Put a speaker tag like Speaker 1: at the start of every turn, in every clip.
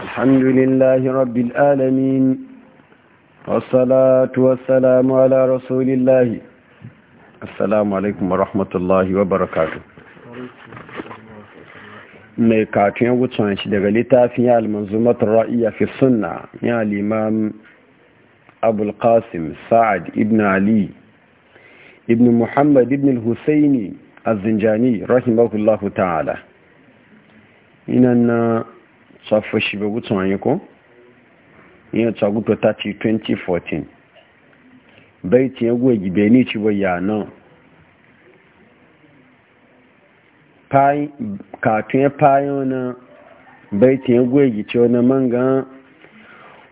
Speaker 1: الحمد لله رب العالمين والصلاة والسلام على رسول الله السلام عليكم ورحمة الله وبركاته mai katon wucin shi daga littafin ya almanzumatar ra'iya fi sunna ya limam abulkasim sa'ad ibn ali ibn muhammad ibn husaini azinjani rahimahullahu ta'ala inan na safo shi ba gutu anyi ko iya tsagutu ta ci 2014 bai ti ya guwa gibe ni ci bai yana katun ya fayo na bai ti ya guwa gice wani manga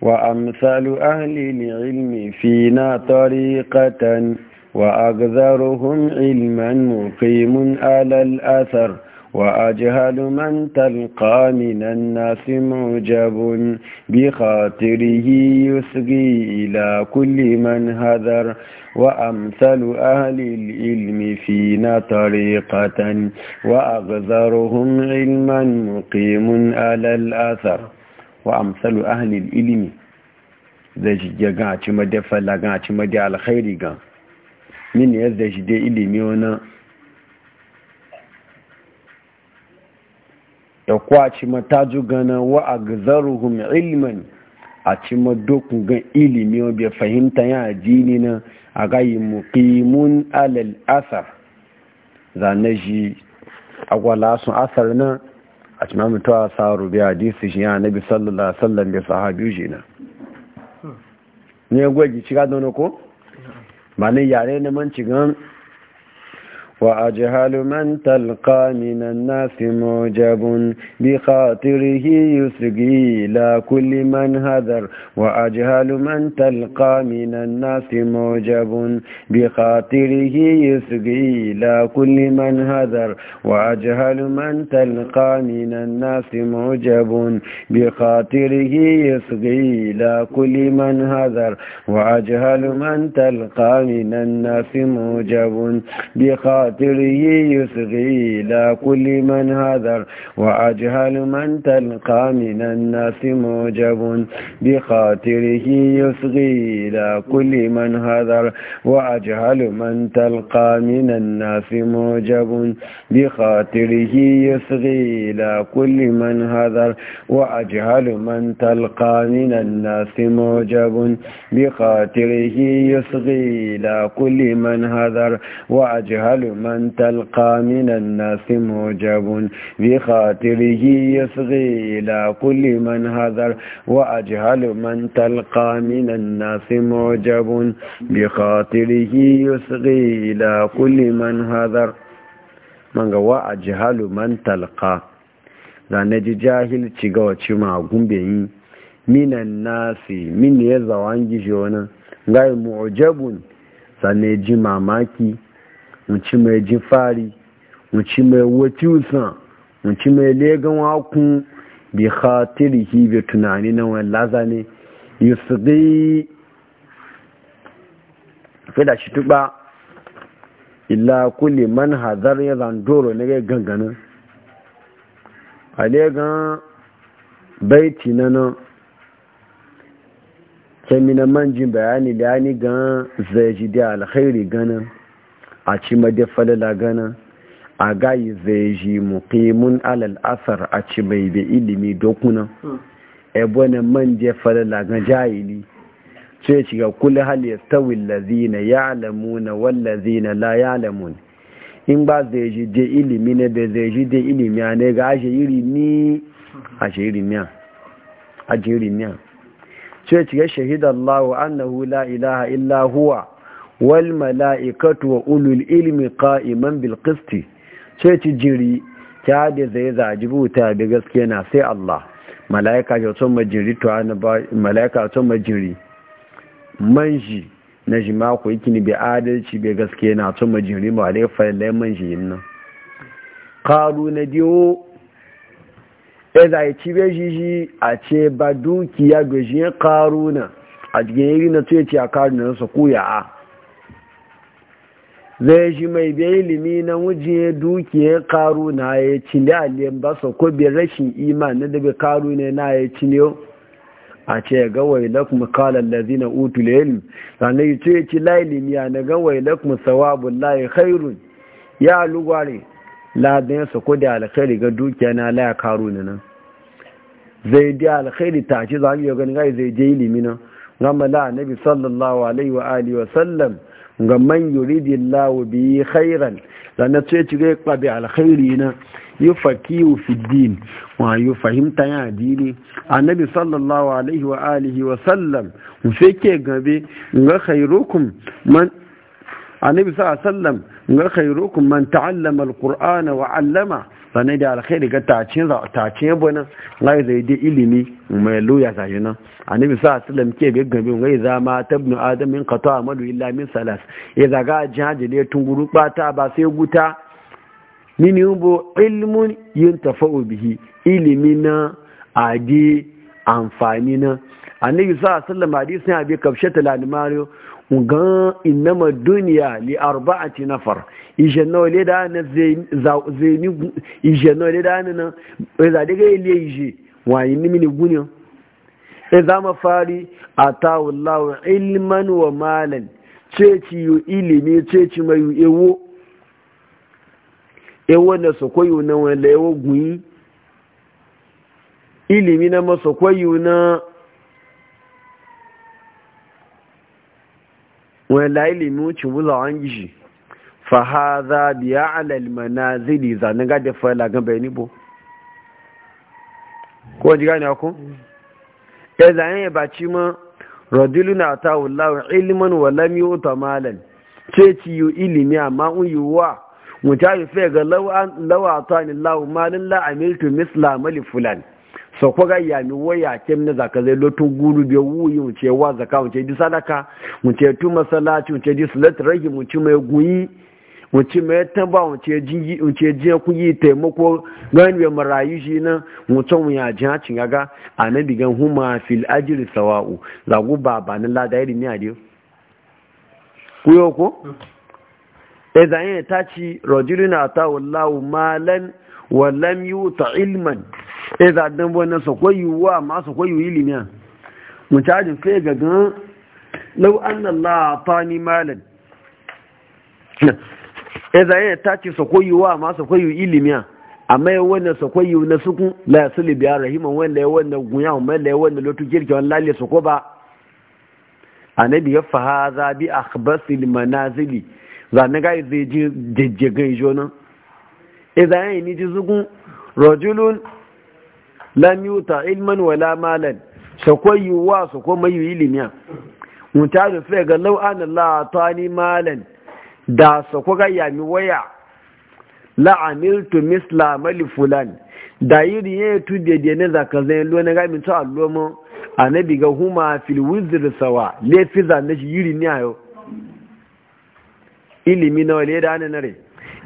Speaker 1: wa a misalu ahalili ilmi fi na tori katan wa a gazaruhun ilman mu kaimun alal asar وأجهل من تلقى من الناس معجب بخاطره يسقي إلى كل من هذر وأمثل أهل العلم فينا طريقة وأغذرهم علما مقيم على الأثر وأمثل أهل العلم zai shige gan a ci madafa lagan a ci madi alkhairi gan min ya zai shige ilimi wani ya kwaci mataju gana wa a gazaruhun ilimin a ci madokun gan ilimi bai fahimta ya jini na a gayi muqimun alal asar zane shi agwala sun asar na a ci mamito a saru bi hadisi shi ya nabi sallallahu sallam bi sahabi shi na ne gwaji ci gado na ko ma ne yare na manci gan وأجهل من تلقى من الناس موجب بخاطره يسقي لا كل من هذر وأجهل من تلقى من الناس موجب بخاطره يسقي لا كل من هذر وأجهل من تلقى من الناس موجب بخاطره يسقي لا كل من هذر وأجهل من تلقى من الناس موجب بخاطره قاتلي يسغي لا كل من هذر وأجهل من تلقى من الناس موجب بخاطره يسغي لا كل من هذر وأجهل من تلقى من الناس موجب بخاطره يسغي لا كل من هذر وأجهل من تلقى من الناس موجب بخاطره يسغي لا كل من هذر وأجهل من تلقى من الناس معجب بخاطره يصغي إلى كل من هذر وأجهل من تلقى من الناس معجب بخاطره يصغي إلى كل من هذر من قوى أجهل من تلقى لأنه جاهل تقوى ga wace magun yi minan nasi min ya zawan gishi wani gai wunci mai jifari fari wunci mai watiusan wunci mai legan wakun bi khatirihi bi tunani na wani laza ne yusufi fi da shi tuba illa kulli man hadar ya zandoro na ganganin a legan baiti na nan kemina manjin bayani da ya ni gan zai ji da alkhairi ganin a ci madafalala gana a gayi zai ji muqimun alal asar a ci mai da ilimi dokuna ebe hmm. na man jefalala ga jahili sai ci ga kula hali ya tawi lazina ya'lamuna wal lazina la ya'lamun in ba zai ji je ilimi ne bai zai ji je ilimi ne ga ashe iri ni hmm. ashe iri ni a iri ni a. sai ci ga shahidallahu annahu la ilaha illa huwa wal mala'ikatu wa ulul ilmi qa'iman bil ce ci jiri ta da zai zaji buta da gaskiya na sai Allah mala'ika ya tun majiri to ana ba mala'ika tun majiri manji na jima ko yake ni bi adalci bi gaskiya na tun majiri ma dai fa lai manji nan qalu na diwo e da yi ci jiji a ce ba dukiya gojin qaruna a cikin yiri na tuye ci a karnu na ku ya a zai shi mai bai ilimi na wuce dukiyar karu na ya ci ne aliyan ba su ko bi rashin iman da bi karu ne na ya ci ne a ce ya ga wailak mu kalan lazi na utul ilimi sannan yi ce ci la ilimi a na ga wailak mu sawabun layi khairun ya lugware ladin su sako da alkhairi ga dukiya na laya karu ne nan zai di alkhairi ta ci za mu yi ganin zai je ilimi nan gama la annabi sallallahu alaihi wa alihi wa sallam ga man yuridi lawo bi khairan da na ci gai kwabi alkhairi na yi fakiyu fi din wa yi fahimta ya addini annabi sallallahu alaihi wa alihi wa sallam fi ke gabe ga khairukum man annabi sallallahu alaihi wa sallam ga khairukum man ta'allama alqur'ana wa 'allama sannan da alkhairi ga tacin bonan ngai zai da ilimi mai luya sashi nan annabi sa sallam ke ga gabe ngai za ma tabnu adam min qata amadu illa min salas ya zaga jaji ne tunguru bata ba sai guta mini bo ilmun yuntafa'u bihi ilimi na adi amfani na annabi sa sallam hadisi ne abi kafshatul almariyo gan inama duniya li arba'ati nafar ijenna le da na zeni ijenna le da na e za daga ile ije wa ni mini gunyo e za ma fari atawallahu ilman wa malan ceci yu ilimi ceci mai ewo ewo na sokoyo na wala ewo gun ilimi na masokoyo na wani laili nuci wuzo an gishi fa biya alal manazili zanen gajen fa lagan bai nibo ko ji gane ku ya e zane ya baci ma rodilu na ta wulawa ilimin walam uta malan ce ci yi ilimi amma un yi wa mutane fe ga lawa ta ni lawa malin la'amiltu misla mali fulani so ko ga ya mi waya kem na zaka zai lotu guru biyo wuyi wuce wa zaka wuce di sadaka wuce tu masallaci wuce di salat rahim wuce mai guyi wuce mai tamba wuce jingi wuce jiya yi taimako gani bai marayu shi nan wuce mu ya jiya cin gaga annabi gan huma fil ajri sawa'u gu baba nan la dai ni adiyo yo ko mm. e da yin tachi rajulina wallahu malan walam yi ta ilman e za dan wani sakwai wa ma sakwai ilimi mu cajin sai ga gan lau an Allah ta ni malan e za yana ta ce sakwai wa ma sakwai ilimi amma ya wani sakwai na sukun la ya yasuli biya rahiman wanda ya wannan gunya wanda ya wannan lotu kirki wannan lalle sako ba A annabi ya fa hadha bi akhbasil manazili za a na ga zai je jejjegan jonan idan yi ni ji zugun rajulun lam yuta ilman wala malan sakwai yiwuwa su ko yi ilimiya mutu da fiye ga yami waya la'amiltu misla mali fulan da yiri ya tu dede na zaka zai lo na gami to allo mu anabi ga huma fil wizr sawa le fi zan yiri ni ayo ilimi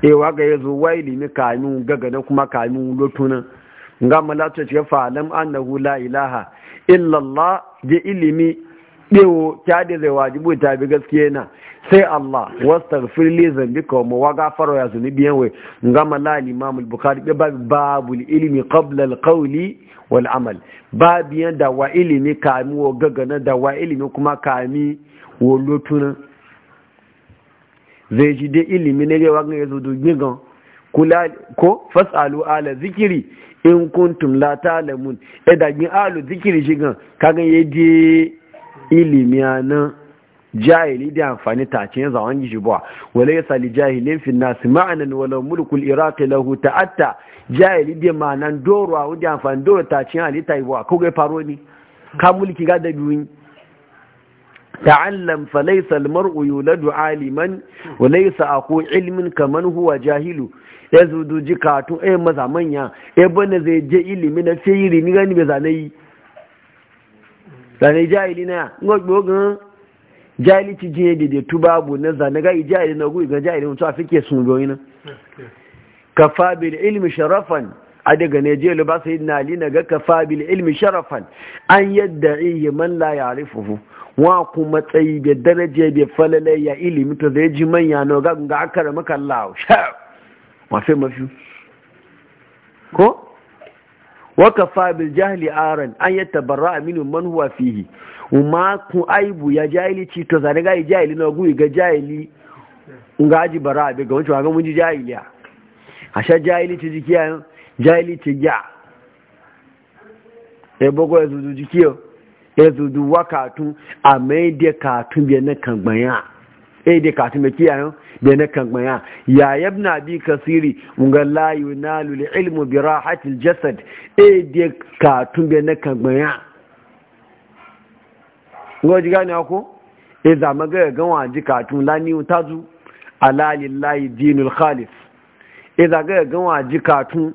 Speaker 1: ewa ga yazo zo wai limi kanu na kuma kanu lotuna nga malata ce falam annahu la ilaha illa Allah je ilimi dewo ta zai wajibu ta bi gaskiya na sai Allah wastaghfir li zambika wa maghfara ya biyan wai nga mala imam al-bukhari babul ilmi qabla al-qawli wal amal babiyan da wa ilimi kanu wa gagana da wa ilimi kuma kami wo lotuna zai ji dai ilimi ne yawa ga yazo dubi gan kula ko fasalu ala zikiri in kuntum la ta'lamun edagin alu zikiri shi gan kaga yaje ilimi anan jahili da amfani tace cin an gishi ba wala yasa li jahilin fi nas ma'anan wala mulkul iraq lahu ta'atta jahili da ma'anan doro wa da amfani ta tace ali taiwa ko ga faro ni ka mulki ga da duniya ta'allam fa laysa al-mar'u yuladu aliman wa laysa aku ilmin kaman huwa jahilu ya zudu jikatu eh maza manya eh bane zai je ilimi na sayiri ni gani be zanai zanai jahili na ngogbo gan jahili ti je de de tubabu na zanai ga jahili na gui ga jahili mutu sun na daga ne je ba sayyidina ali na ga kafa bil ilmi sharafan an yadda man la ya'rifuhu wa ku matsayi da daraje da falale ya ilimi to zai ji manya na ga ga akara maka kalla, sha wa mafi ko wa fa bil jahli aran an tabarra Aminu man huwa fihi umma ku aibu ya jahili ci to zane ga jahili na gui ga jahili nga ji bara be ga wancan ga mun ji jahiliya a sha jahili ci jikiya jahili ci ya e bogo ya zuzu jikiyo ya zudu wa katun a mai da katun biya na kangbanya eh da katun mai kiyayen biya na kangbanya ya yabna bi kasiri nga la yunalu ilmu bi rahatil jasad e da katun biya na kangbanya ngo ji ne ko e za maga ga wa ji katun la ni tazu ala lillahi dinul khalis e za ga ga wa ji katun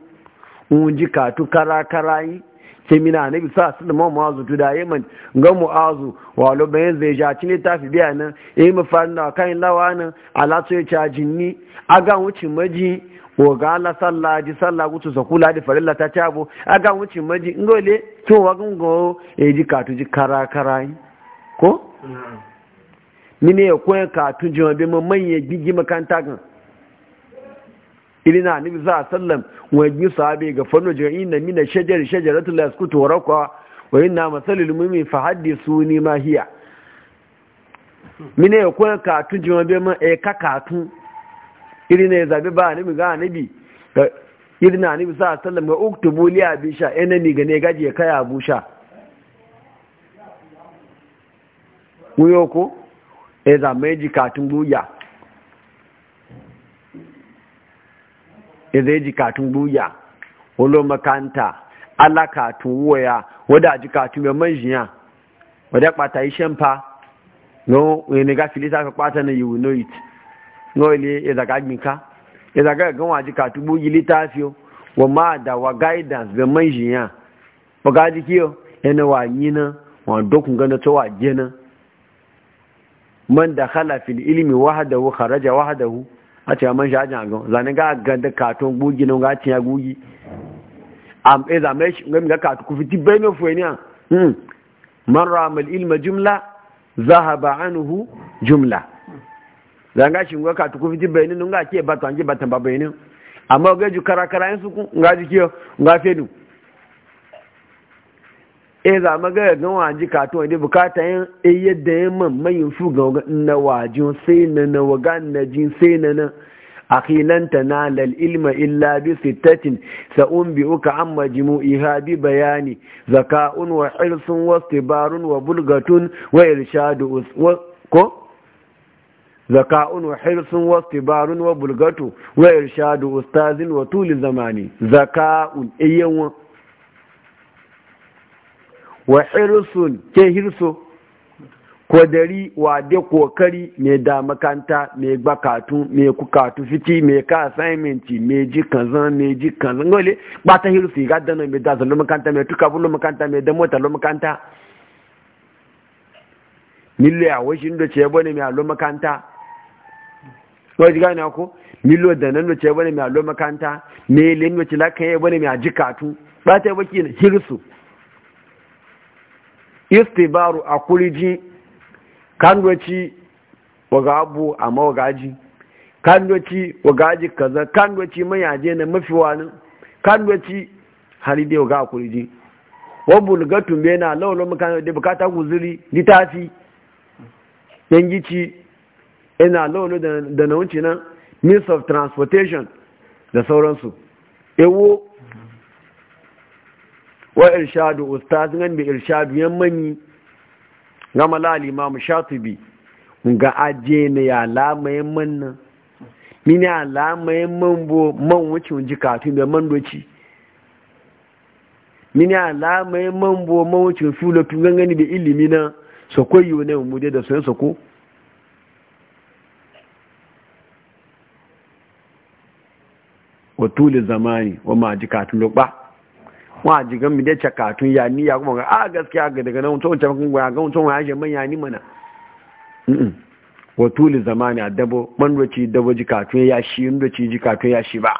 Speaker 1: un ji katu kara yi sai mina su da sallama mu'azu tu da man ga mu'azu walo bayan zai ja cin ta fi biya nan eh mu farin da kan lawa nan ala to ya cajin ni aga wuce maji wa ga ala sallah ji sallah gutu sa kula da farilla ta cabo aga wuce maji ngole to wa gungo e ji ka ji kara kara ko mine ya koyan ka tuji wa bi mu manye gigi makanta gan na ni za sallam wa ji sahabe ga fannu jira inna min shajar shajaratul la yaskutu warqa wa inna masalul mu'min fa ni ma hiya mine ko eh, ka katun jima bai ma e ka katun irina ne zabe ba ni ga nabi na ni sa sallam ga uktubu li abisha enani ga ne gaje kai abusha wuyo ko e za meji katun buya zai ji katun buya wolo makanta ala katun woya wadda ji katun mai manjiya wadda kwata yi shempa no ne ga filisa ka kwata na yiwu no it no ile ya zaga ginka ya zaga ga wa ji katun buyi litafiyo wa ma da wa guidance bai manjiya ba ga ji kiyo yana wa na wa dokun gana to wa jena man da khala fil ilmi wahdahu kharaja wahdahu a ce man sha jan gan zane ga ganda katon gugi na ga tiya gugi am e zame shi ngam ga katu ku fiti bai me fuwe ne hmm man ramal ilma jumla zahaba anhu jumla zan ga shi ngwa katu ku fiti bai ne nun ga ke batan ke batan ba bai ni amma ga ju karakara yin suku ga ji ke ga fedu e eh, za mu ga ga ji katon da bukata yin e yadda yin man mayin su ga na wajin sai na na waga na jin sai na na akhilan tanala ilma illa bi sittatin sa unbi'uka an iha bi bayani zaka'un wa hirsun wa istibarun wa bulgatun wa irshadu ko zaka'un wa hirsun wa istibarun wa bulgatu wa irshadu ustazin wa tuli zamani zaka'un ayyawan eh, wa hirsun ke hirso kodari wa de kokari mai da makanta mai bakatu mai kukatu fiti mai ka assignment mai ji kanzan mai ji kanzan gole ta hirsu ga dana mai da zalo makanta mai tuka bulu makanta mai da mota lo makanta mille a washin da ce bane mai alo makanta wai gane ko milo da nan da ce bane mai alo makanta mai lin da ce la kai bane mai ba ta baki hirsu istibaru a kuriji kandoci waga abu amma waga ji kandoci waga ji kaza kandoci mayaje na mafi wani kandoci har dai waga kuriji wabul gatu mena lawlo mukan da bukata guzuri litafi gici ina lawlo da na wuce nan means of transportation da sauransu ewo wa irshadu ustaz ngan bi irshadu yammani gama la al-imam shatibi ga aje ne ya lama nan mini alama yamman bo man wuce wuji katun da man doci mini alama yamman bo man wuce fulo tun gangani da ilimi na so yi ne mu da sun soko wa tuli zamani wa ma ji katun ba wa jigan mi da cakatun ya ni ya kuma ga a ah, gaskiya ga daga nan mutum cakatun ga ga mutum ya je man ya ni mana wa tuli zamani a man roci dabo katun ya shi ci roci katun ya shi ba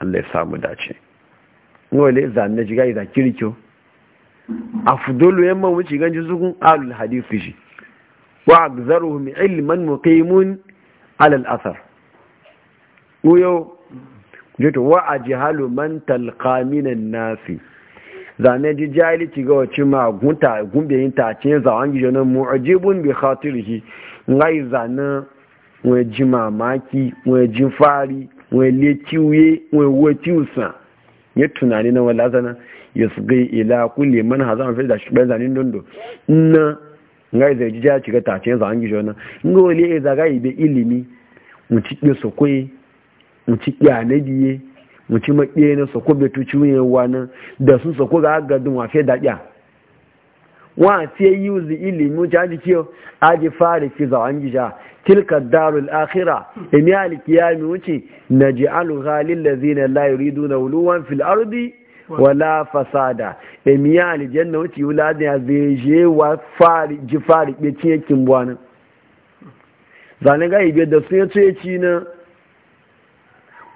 Speaker 1: Allah ya samu dace wale zanne jiga idan kirkyo afdolu yamma wuce ganji zugun alul hadisi shi wa agzaruhum ilman muqimun ala al-athar uyo jito wa a jihalu man kaminan nasi zane ji jahilci ga wace ma gunta gumbeyin ta ce mu gijo nan mu'ajibun bi shi. ngai zane wa ji mamaki wa ji fari wai leciwe wa wati usa ya tunani na wala zana ya su gai ila kulle man hazan fi da shugaban zanen dondo na ngai zai ji jahilci ga ta ce zawon gijo nan ngai wale ya e zaga ibe ilimi mu ci ɗin su kwaye mu ci kyane biye mu ci makiye na sako betu wuyan wani da sun sako ga agadin wafe da kya wa ce yi uzi ilimi wuce aji kiyo aji fara ki za an gija tilka darul akhira imi alkiyami wuce na ji alu halin da zina la yuridu na wuluwan fil ardi wala fasada imi na wuce wula da ya zai wa fari ji fari ɓe cikin buwanin zanen ga ibe da sun ya ci na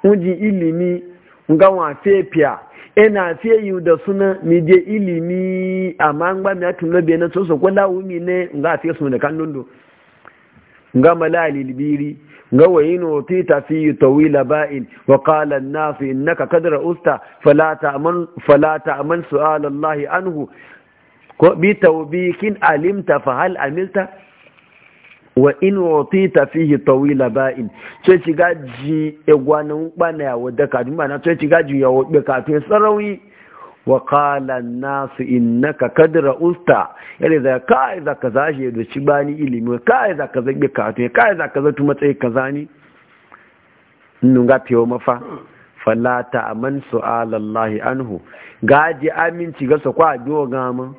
Speaker 1: wuji ilimi nga wa fefia ina fiye yi da suna mi je ilimi amma an ba mi tun lobe na soso ko lawumi ne nga fiye suna kan kandundo nga malali libiri nga wayin utita fi tawila ba'in wa qala an-nas innaka kadra usta fala ta'man fala ta'man su'al Allah anhu ko bi tawbikin alimta fa hal amilta wa in wati ta fihi tawila ba'in sai ci gaji egwanin bana ya wadda duma na ce ci gaji ya ka to sarawi wa qala nasu innaka kadra usta yadda da ka iza ka zaje da ci bani ilimi kai za ka zabe kafin kai kaza ka zatu matsayi kaza ni nun ga fiyo mafa fala ta aman Allah anhu gaji aminci ga su kwa biyo gama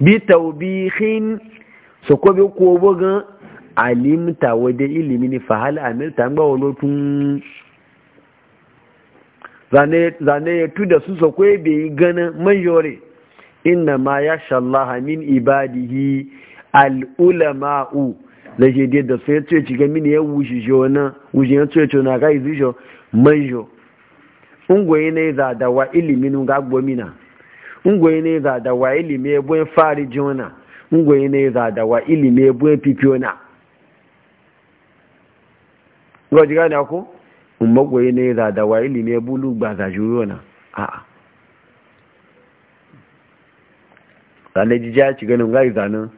Speaker 1: bi tawbihin su ko bi ko bugan alimta wadda ilimi ne fahal amilta gba olotun zane ya tu da su sakwai bai yi ganin mayore inna ma ya shallaha min ibadihi al'ulama'u da ke dai da sai tuye cikin mini ya wuce wani wuce ya tuye na ga izu shi manjo ungwaye ne za da wa ilimin ga gwamina ungwaye ne za da wa ilimin ya buwan fari jona ungwaye ne za da wa ilimin ya buwan fifiyo yau ji gane ko in magwaye ne za da wa ilimi bulu ba za juyo na a'a zane ji ja ci ganin gai zanen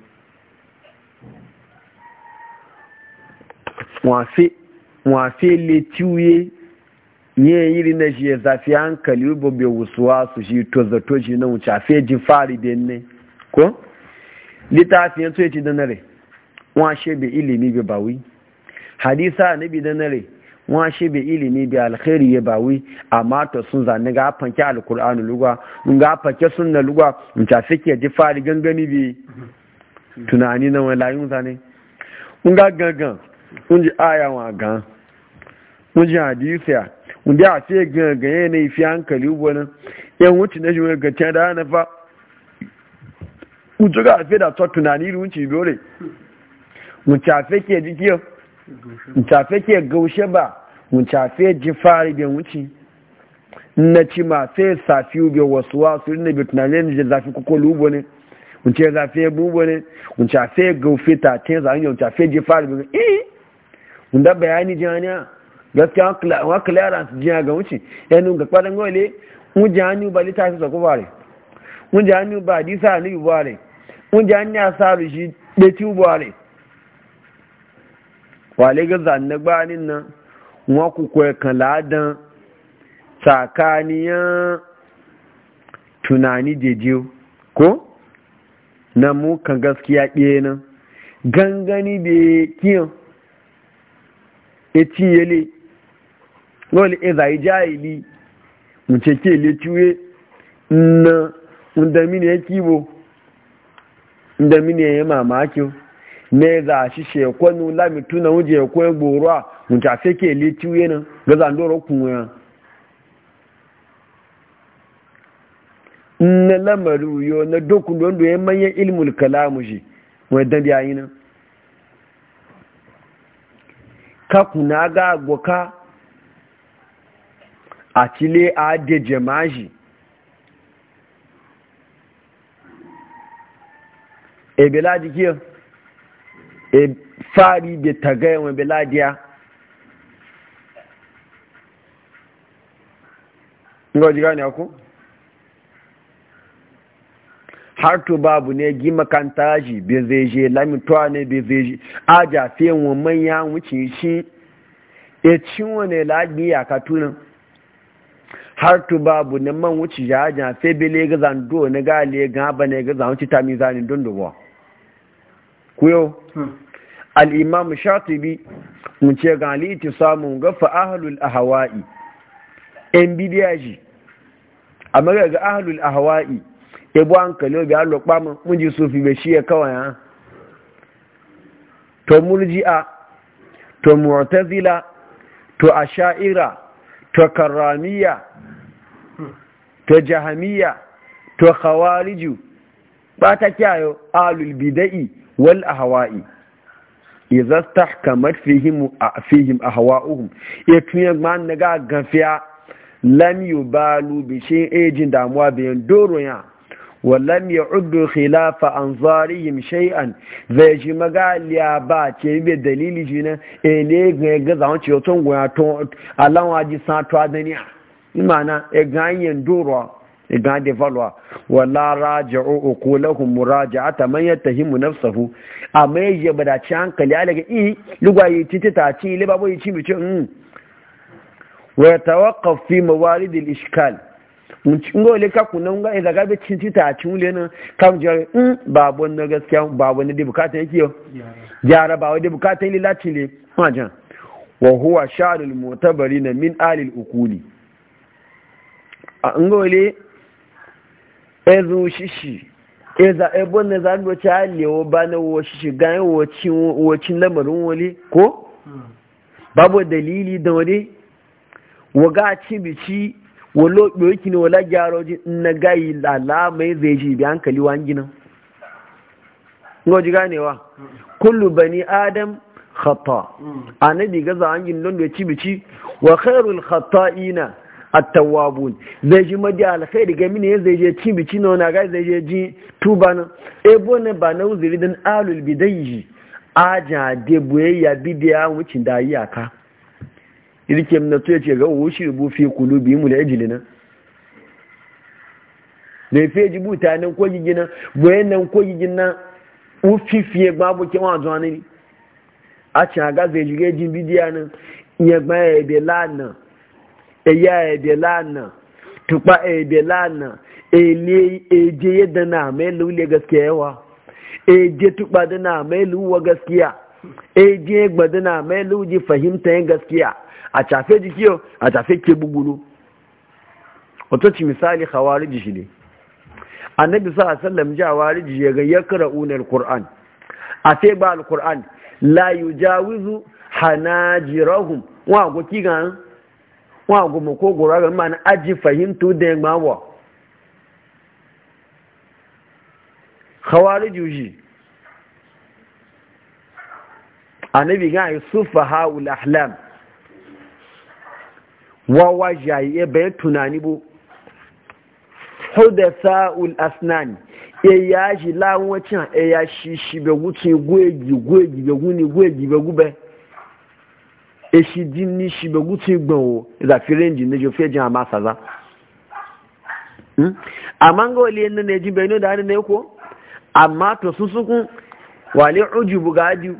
Speaker 1: wafe le tiwuye yin yiri na shi zafi hankali rubo bai wusuwa su shi to na wuce a fari ci danare wọn ṣe bai ilimi bai bawi hadisa nabi da nare wa shi bi ilimi bi alkhairi ya bawi amma to sun zanni ga fanke alqur'anu lugwa in ga fanke sunna lugwa in ta fike ji fari gangani bi tunani na wani layun zane in ga gangan in ji aya wa gan in ji hadisa in ji a ce gangan ya ne fi hankali wani yan wuce na shi ga da na fa in ji ga fi da tunani ruwanci dole mu ta fike ji kiyo mutafe ke gaushe ba mutafe ji fari bai wuce na ci ma sai safi ube wasu wasu rinna bai tunanin da zafi kuko lubo ne mutafe zafi bubo ne mutafe gaufe ta ten zan yi mutafe ji fari bai eh wanda bayani janiya gaskiya wa clearance jiya ga wuce yanu ga kwadan gole mun ji ba littafi sa kubare mun ji hannu ba hadisa ne bubare mun ji hannu asaru shi da tubare wale ga zanne gbanin nan wa ku kwai kaladan tsakaniyan tunani jeje ko na mu kan gaskiya ɗaya nan gangani da kiyan eti yele lọ́lẹ̀ ẹ̀zà ìjá ìlú mùcẹ̀kẹ́ ilé tíwé na ndamini ya kiwo ndamini ya mamaki me za shi shekwanu lamitu tuna wuje ko gboro a mutu sai ke liti yana ga zandoro kunwa na lamaru yo na dokun don doyen manyan ilmul kalamu shi dan da yayi nan ka kuna ga goka a cile a de jamaji ebela jikiyar e fari da tagayen wa ladiya ga wajen gani ako har to babu ne gi makanta ji bai zai je lamitowa ne bai zai je aja fiye wa manya wuce shi e cinwa ne ladiya ka tunan har to babu ne man wuce ya aja fiye bai lega zando na ga lega ba ne ga zanwuci ta mizanin dunduwa kuyo hmm. al'imam shatibi mun ce gali ti samun gafa ahalul ahawa'i ‘yan bidiya ji a magaga ahalul ahawa'i ebo an kalo bi alo kpamun mun ji sufi bai shi ya kawai ha to murji'a to mu'tazila to asha'ira to karramiya hmm. to jahamiya to khawariju ba ta kyayo alul bida'i wal ahwa'i idza stahkamat fihim fihim ahwa'uhum yatunya man naga gafiya lam yubalu bi shay'in ejin eh, damuwa bayan doro ya ya khilafa an zarihim shay'an zai ji magaliya ba ce be dalili shi na e ga ga goya to alawaji sa to adaniya imana e eh, ganyen duro idan da falwa wala raja'u uqulahum muraja'ata man yatahimu nafsuhu amma yaje bada ci hankali ala ga i lugwaye titita ci le babo yi ci mi ci mm wa yatawaqqaf fi mawarid al-ishkal ngo le ka kuna nga ida ga be titita ci mm, ci le na kam jare mm babo na gaskiya babo ne da bukata yake yo jara bawo da bukata ile lati le wajan wa huwa sharul mu'tabarin min alil ukuli ngo le ẹzùn ṣíṣì ẹ̀zà ẹ̀bọ́n na za bá ci halewa ba na wasu ganin wacin lamarin wani ko babu dalili da wani waga ci bici walo wọ́n ne wala gyaro ji na gayi lalamai zai ji bi hankali wa kullu bani adam khata gaza an ginin wa khairul khata'ina attawabun zai ji madi alkhairi ga mini zai je cin bici na wani gai zai je ji tuba na ebo ne ba na uzuri don alul bidayi buye de buyayya bidiya wucin da yi aka irke na tuya ce ga wushi rubu fi kulu biyu mu da ejili na da fi ji buta nan ko na buye nan ko gigina ufifiye babu kewa zuwa ne a cin aga zai jige jin bidiya nan iya gbaya ebe lana eya ebe lana tukpa ebe lana eje yadda na mai lule gaskiya yawa eje tukpa da na mai luwa gaskiya eje da na mai luji fahimta yin gaskiya a tafe jikiyo a tafe ke bugulu wato ci misali hawariji shi ne annabi sa sallam ji hawariji ya ga yakra unar qur'an a sai ba alquran la yujawizu hanajirahum wa goki gan wọn agogo ko gora ga mana aji fahimtu da yamma wa khawari juji annabi ga yi sufa haul ahlam wa wajayi e bayan tunani bu hudasa ul asnan e ya ji lawon cin e ya shi shi be wuce gwegi gwegi be guni gwegi be gube eshi din ni shi ba gutu gbawo za fi renji na jo fejin a masa za amma ga wali yadda na ji bai da hannun na ko amma to sun sukun wale ujubu ga adiyu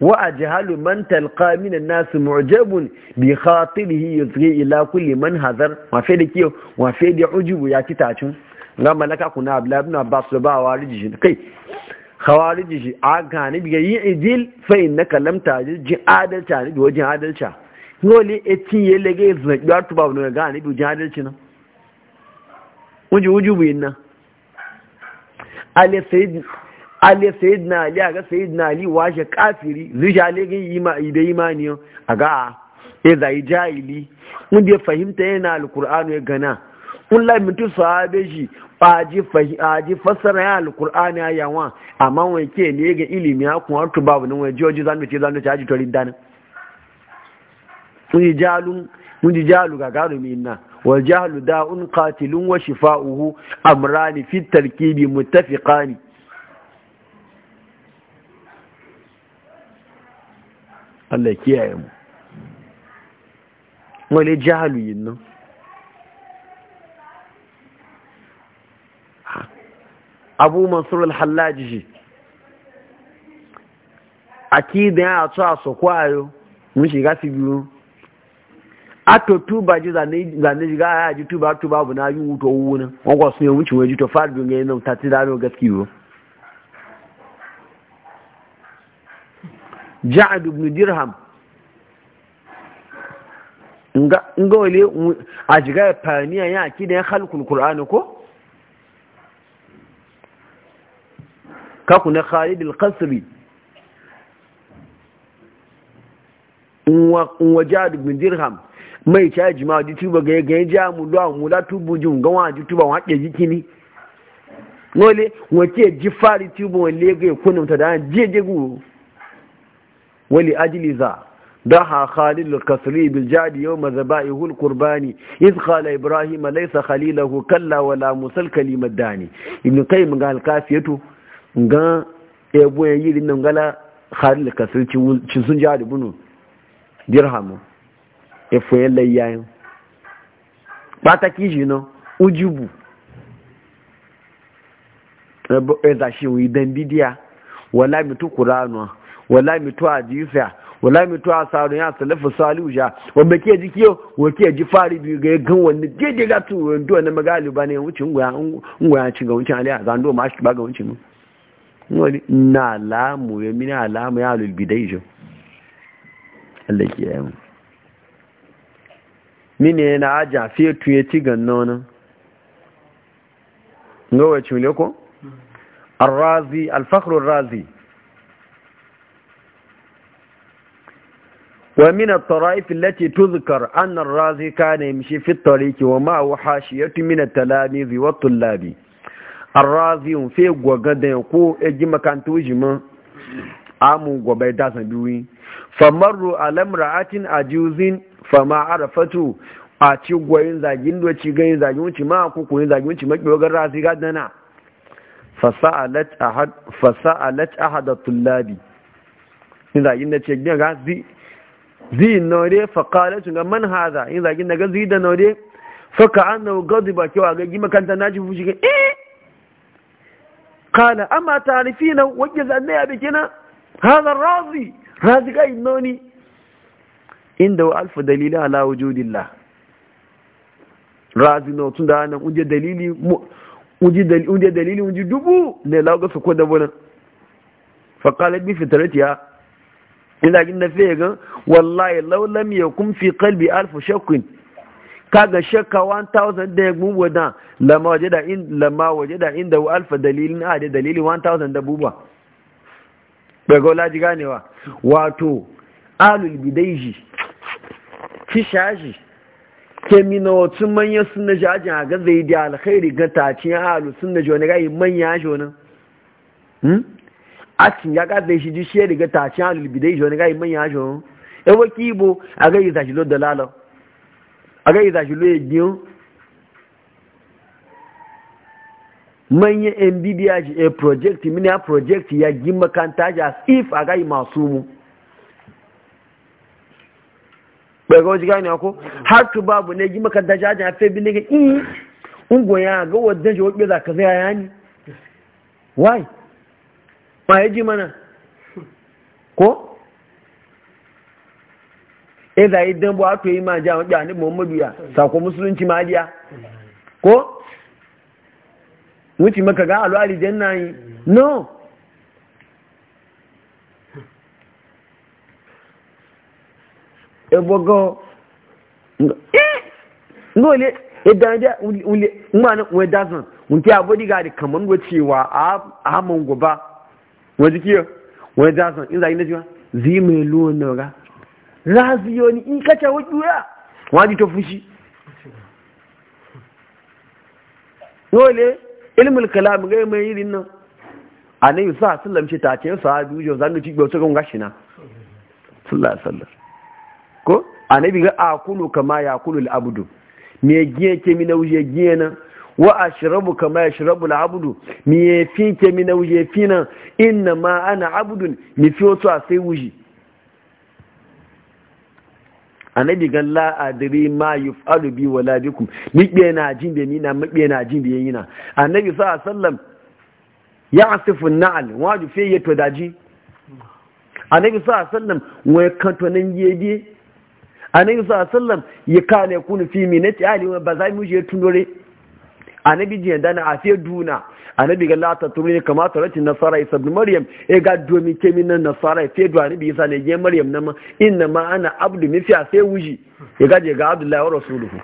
Speaker 1: wa a jihalu man talqa minan nasu mu'jabun bi khatirihi yuzri ila kulli man hazar wa fe da kiyo wa fe da ujubu ya ci tacin ga malaka kuna abla ibn abbas ba wa rijin kai khawariji shi a gani biga yi idil fai na kalamta jin adalca ne biyo jin adalca ngoli etin ye lege zan yar e tuba no ga ni biyo jin adalci na wuju wuju bu inna ali sayyid ali sayyidna ali aga sayyidna ali washe kafiri rijale ga yima ibe imani aga e yi jahili mun bi fahimta yana alqur'anu ya gana kun lai mutu sahabe shi aji fasara ya alkur'ani a yawa amma wani ke ne ga ilimi ya kuma wato babu nan wani jiyoji zan mace zan mace aji tori dana mun ji jalu ga garu mi inna wal jahlu da'un qatilun wa shifa'uhu amrani fi tarkibi muttafiqani Allah kiyaye mu wale jahalu yin nan abu mansur al-hallaji shi akida ya to aso kwayo mun shiga su biyu ato tuba ji zane zane ji ga ya ji tuba tuba abu na yi wuto wuna wọn kwasu ne wuce waje to fadi bin ganin ta ti dano gaskiyo ja'ad ibn dirham nga wale a jiga ya faniya ya akida ya khalqul ko kaku na khalidul qasri un wajad bin dirham mai ta jima di tuba ga ga ja mu do mu da tubu ju ga wa ji tuba wa ke jiki ni wole wa ke ji fari tubu wa le ga kunu ta da je je gu wali ajli za da ha khalil al-qasri bil jad yawm zaba'ihu al-qurbani iz qala ibrahim laysa khalilahu kalla wala musal kalimad dani ibn qayyim ga al-kafiyatu ga ebu yan yiri nan gala har da kasar ci sun ja da bunu dirhamu e fo yan layyayin pataki ji no ujubu ebo e da shi wi dan bidiya wala mitu qur'anu wala mitu hadisa wala mitu asarun ya salafu salihu ja wanda ke ji kiyo wa ke ji fari biyu ga gan wani jeje ga tu wando na magaliba ne wucin ngwa ngwa ci ga wucin ali a zando ma shi ba ga wucin mu na alamu ya mini ya jo arrazi razi ومن الطرائف التي تذكر أن الرازي كان يمشي في الطريق ومعه حاشية من التلاميذ والطلاب arraziyun fe gwaga ko ya ji makanto shi ma amu gwabai dasa biyu famarru alamra'atin ajuzin fama arafatu a ci gwayin zagin doci ganin zagin wuce ma ko koyin zagin wuce maki wagar razi gadana fasa'alat ahada tullabi in zagin da ce gina ga zi nore faƙalatu ga man haza in zagin da ga zi da nore faka an na gadi ba kewa ga gima kanta na ji fushi ga eh kala amma tarifi na wajen zanne ya biki na hazan razi razi ga inoni inda wa alfa dalilin ala wujudillah razi na tun da hannun unje dalili unje dalili unje dubu ne lauga su kwada bunan faƙalar bi fitaratiya ina gina fiye gan wallahi laulam ya kun fi kalbi alfa shakwin kaga shakka 1000 da mu gbubuwa dan lama waje da in lama waje da inda wa alfa dalilin a da dalili 1000 da bubuwa bai wala ji ganewa wato alul bidaiji shaji ke mino tun manyan sunna jajin a ga zai da alkhairi ga tacin alu sunna ne ga yi manya jone hmm a cin ya ga zai shi ji shi riga tacin alul bidaiji ne ga yi manya jo ewa kibo a ga yi zashi lo dalalo aga yi zashi lo yi manyan nbibiya shi a eh, project mini a project ya gi makanta ji as if aga yi masu mu ɓaga wajen gani ko har tu babu ne gi makanta ji ajiyar fe bi ne ga ungon ya ga wajen shi wakil za ka zai ya ni why ma ya ji mana ko Eza yi dambu ba yi ma ja wa ni Muhammadu ya sako musulunci ma ya. ko wuce maka ga alu aljanna yi no ebogo e! ngole idan e da ule ngwana we dazan munti a ga da kaman wacewa a amon goba wajiki we dazan in zai ne jiwa zi mai luwa zimelu ga ráàzíyọ ní ka ojú rà Wani á fushi. Dole fúnṣí yóò ilimin kalam gai mai yi nan a nan yusa sallam ce ta ce yau sa'adu yau zanga ci gbautu gan gashi na sallallahu sallar. ko annabi ga akulu kama ya akulu al mai me giye ke mi wuje giye nan wa shirabu kama ya shirabu abdu mai fi ke mi wuje fi nan inna ma ana abudun mi fi wasu a sai wuji annabi gan la adri ma yuf'alu bi wala bikum mibe na jin be ni na mibe na jin be yina annabi sa sallam ya asifu na'al waju fe yeto daji annabi sa sallam wa kanto nan yebe annabi sa sallam ya kana kunu fi minati ali wa bazai mu je tundore annabi jiya dana afi duna annabi ga lata turu ne kama ta rati nasara isa bin maryam e ga domin ke min nan nasara fe do annabi isa ne je maryam nan inna ma ana abdu min fiya sai wuji e ga je ga abdullahi wa rasuluhu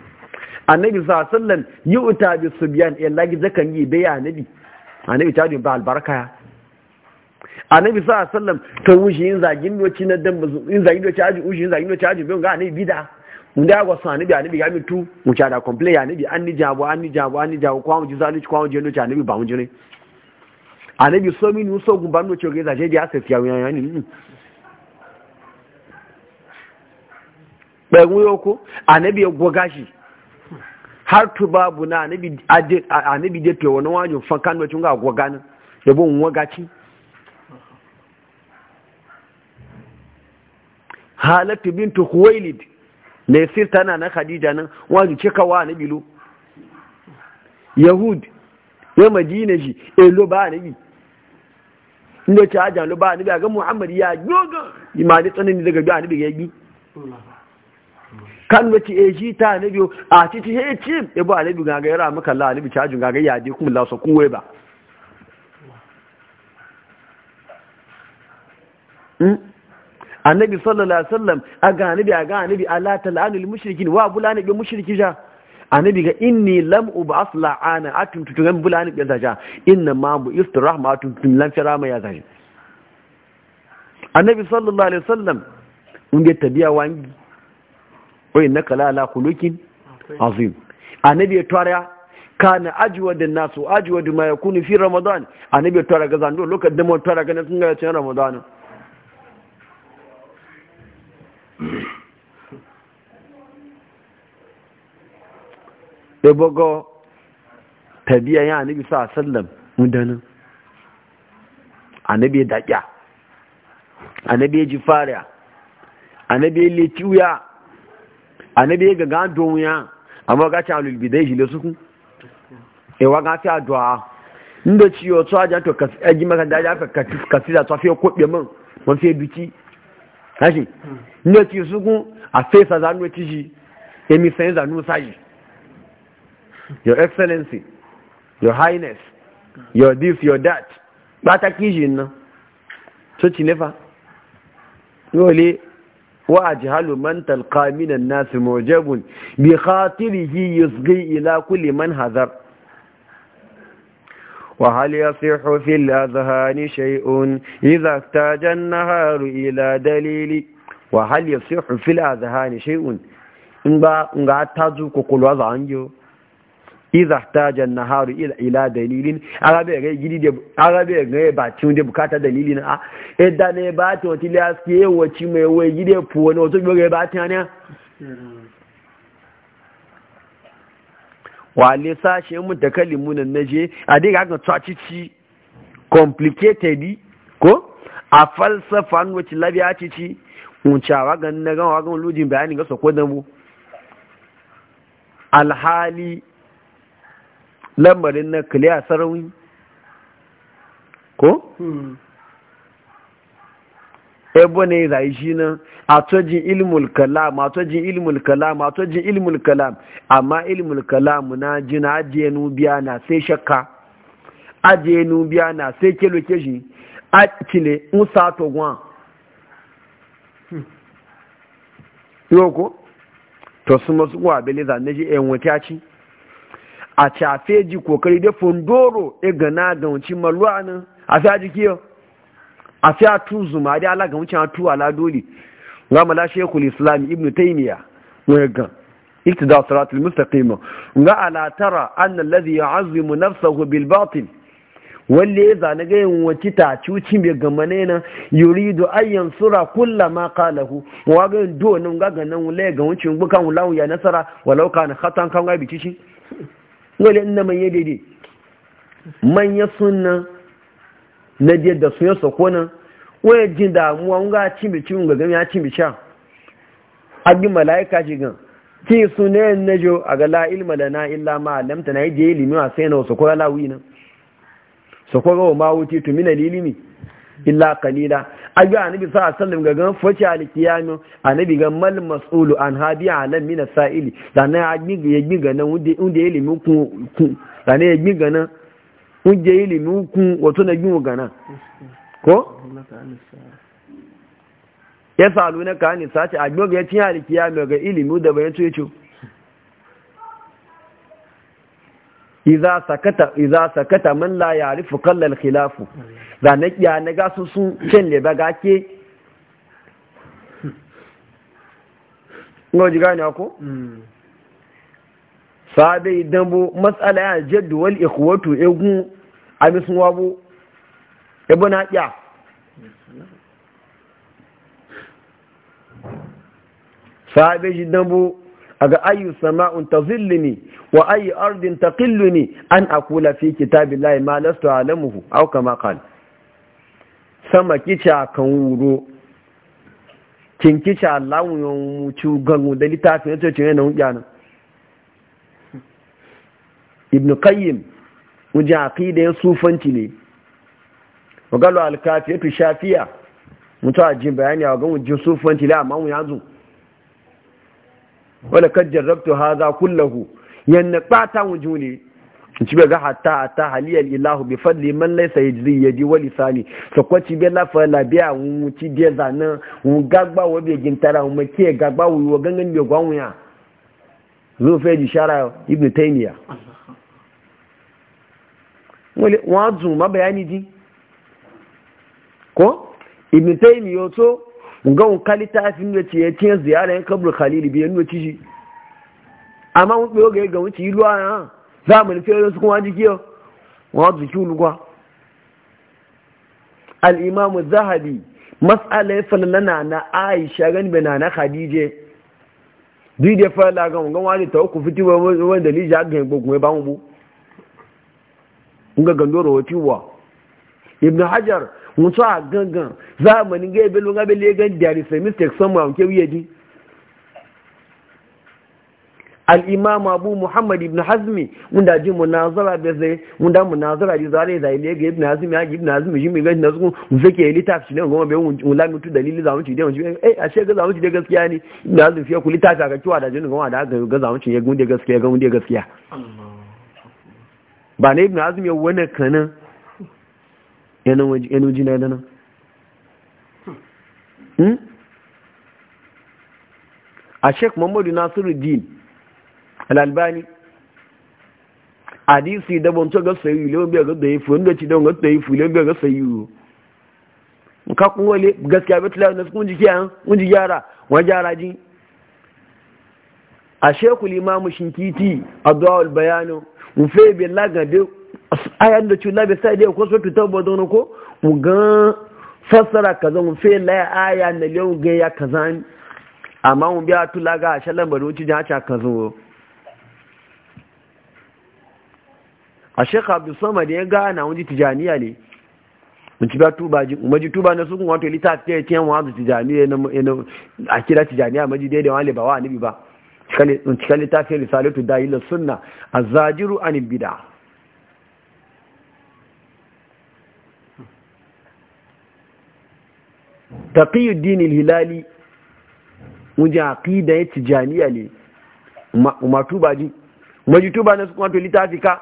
Speaker 1: annabi sa sallan yi uta bi subyan e lagi zakan yi bai annabi annabi ta ba albarka annabi sa sallan ta wuji in zagin doci na dan in zagin doci aji wuji in zagin doci aji bai ga annabi bid'a nda go san ni bi ani bi ga mi tu mu cha da complain ani bi ani jabo ani jabo ani jabo kwa mu jisa ni kwa mu jeno cha ni bi ba mu jini ani bi so mi ni so gun ba no ge za je di asset ya yan ni ani bi ànábì gashi har tu babu na pewo no wa jo fa kan no ń ga gboga ní ẹbọ̀ ń wọ́gaci halatu bintu khuwailid na sir tana na khadija nan wani cika wa na bilo yahud ya madina shi e lo ba na bi inda ce ajiyar lo ba na bi a ga muhammad ya yoga imani tsanani daga biya na bi ya yi kan wace e shi ta na biyo a titi he ci e ya a na bi ga gaira maka la na bi cajin ga ya je kuma lasa kowai ba hmm? annabi sallallahu alaihi wasallam a ga annabi a ga annabi ala tal'anul mushrikin wa bulani bi mushriki ja annabi ga inni lam ub'as la'ana atum tutun bulani bi zaja inna ma bu istirahmatun tun lan firama ya zaji annabi sallallahu alaihi wasallam unge tabiya wangi wai naka la ala khuluqin azim annabi ya tara kana ajwa an-nasu ajwad ma yakunu fi ramadan annabi ya tara ga zando lokacin da mu tara ga nan sun ga cin ramadan ya bago tabiya ya annabi sa sallam mudanin annabi ya daƙya annabi ya ji fariya annabi ya leci wuya annabi ya gaga don wuya amma ga ci alul bidai shi da suku ewa ga fi addu'a inda ciyo to ajan to kaji e maka da ya ka kasira to fi kobe min mun fi duki kashi inda hmm. ci suku a fesa zanu ci shi emi sai zanu saji your excellency your highness your this your that pàtàkì yìí ná tó ti nífà yóò lé wa ajhalu man talqa min an-nas mujabun bi khatirihi yusghi ila kulli man hazar وهل يصح في الأذهان شيء إذا احتاج النهار إلى دليل وهل يصح في الأذهان شيء إن با إن قاعد تاجو كقول وضع عنجو iza na haru ila dalilin arabe ga gidi da ba ci wunde bukata dalilin a edda ne ba ta wata laske wace mai wai gidi fu wani wato ga ba ta ne wale sashe mu da na je a dai ga tsacici complicated ko a falsafa wace labiya ci ci mun cawa ga na ga wa ga lujin bayani gasa kodan bu alhali Lambarin na kiliya sarauni ko? ebe ne zai shi na a ilmul kalam a ilmul kalam a ilmul kalam amma ilmul kalam na jina ajiye nubiya na sai shakka ajiye nubiya na sai loke shi a cile nsa gwa yau ko? to su masu kwa zane na ji enwata ci a cafe ji kokari da fondoro e gana ga wancin maluwa nan a fi aji kiyo a fi a tu zuma da ala ga wancin a tuwa ala dole ga mala shekul islam ibn taymiya wani gan iktida siratul mustaqim ga ala tara an allazi ya'azzimu nafsa bil bilbatin walle ya zane ga yin wace ta cucin bai gama ne yuri da ayyan sura kulla ma kalahu wa ga do nan ga ga nan ga wancin bukan wala ya nasara walau na khatan kan ga bicici wale ina manye daidai manya sunna na da sun yasa kona waya jin damuwa nga cimbi cimbi ga gami ya cimbi sha agi malaika shi gan ki sunayen na jo a ga la ilma lana illa ma lamta na yi je limi a sai na wasu kura lawi nan su ma wuce tumi na lilimi illa qalila ayu annabi sa sallam wasallam ga gan faci alkiyami annabi ga mal mas'ulu an hadi alam min sa'ili dana ya gbiga ya ga nan unde unde ile ilimi ku dana ya ga nan unde ilimi ku wato na ga gana ko ya salu na ka ni sace a gbiga ya tiya alkiyami ga ilimu da bayan tuyo iza sakata iza sakata man la ya'rifu qallal khilafu da na kiya na ga su sun cin le baga ke ngoji gane ko sabe idan bo mas'ala ya jaddu wal ikhwatu egu ami sun wabo ebo na kiya sabe idan bo aga ayu sama'un tazilluni wa ayyu ardin taqilluni an akula fi kitabillahi ma lastu alamuhu aw kama qal sama kicha kan wuro kin kicha lawun mu ci gangu da litafin to cin yana hujja ibn qayyim wajen aqida sufanci ne wa galu al-kafiyatu shafiya mutu bayani a ga wajen sufanci la amma mu yanzu wala kad jarrabtu hadha kullahu yanna qata wujuni ci ga hatta hatta haliyar ilahu bi fadli man laysa yajri yadi wa lisani so ko ci be la fa la biya wu ci de zana wu gagba wo be gintara wu ke gagba wu wo gangan be gwanwu ya zo fe di shara ibn taymiya wale wa zu ma bayani di ko ibn taymiya to ga un kali ta fi nuna ce ya ce ziyara yan kabul khalili biyan nuna ci shi amma mun ɓewa ga ga wuce yi luwa na za mu nufi yau su kuma jiki yau wa zuki ulugwa al-imamu zahabi mas'ala ya falala na aisha gani bai na na khadije duk da falala ga ngan wani ta uku fiti wani dalili ja ga gbogbo ba mu bu ga gando rawati wa ibn hajar mutu a gangan zamanin ga ebe lunga bele gan dari sai mistake son ma nke wiye di al-imam abu muhammad ibn hazmi wanda ji munazara be zai wanda munazara di zare zai le ga ibn hazmi ya ibn hazmi shi mi ga na su mu fake litaf shi ne goma be mun la mutu dalili zamu ci da mun eh ashe ga zamu ci da gaskiya ne ibn hazmi fiye ku litaf ga kiwa da jin goma da ga zamu ci ya gunde gaskiya gunde gaskiya ba ne ibn hazmi ya wani kanan yan uji na dana hmm? a sheik muhammadu nasiru din al'albani hadisi da bonto ga sayu le bi ga dai fu ndo ci don ga dai fu le bi ga sayu nka kun wale gaskiya bi tilawa na kun jiki an kun ji yara wa jara ji a shekul imamu shinkiti adwa al bayanu mu fe bi lagade ayan da cuta bai sai dai ko so tutar ba don ko mu ga fassara kaza mu fe la aya na lewu ga ya kaza amma mu biya tula ga shalan bari wuce da haka kaza a shekh abdul samad ya ga na wani tijaniya ne mun ci ba tuba ji tuba na su kun wato lita ta ce mu azu tijaniya na a kira tijaniya maji dai da wani ba wa annabi ba kale kale ta fi risalatu da ila sunna azajiru anil bid'ah taqiyyud din al-hilali wuje aqida ya tijaniya ne matuba ji majituba na su kuma to littafi ka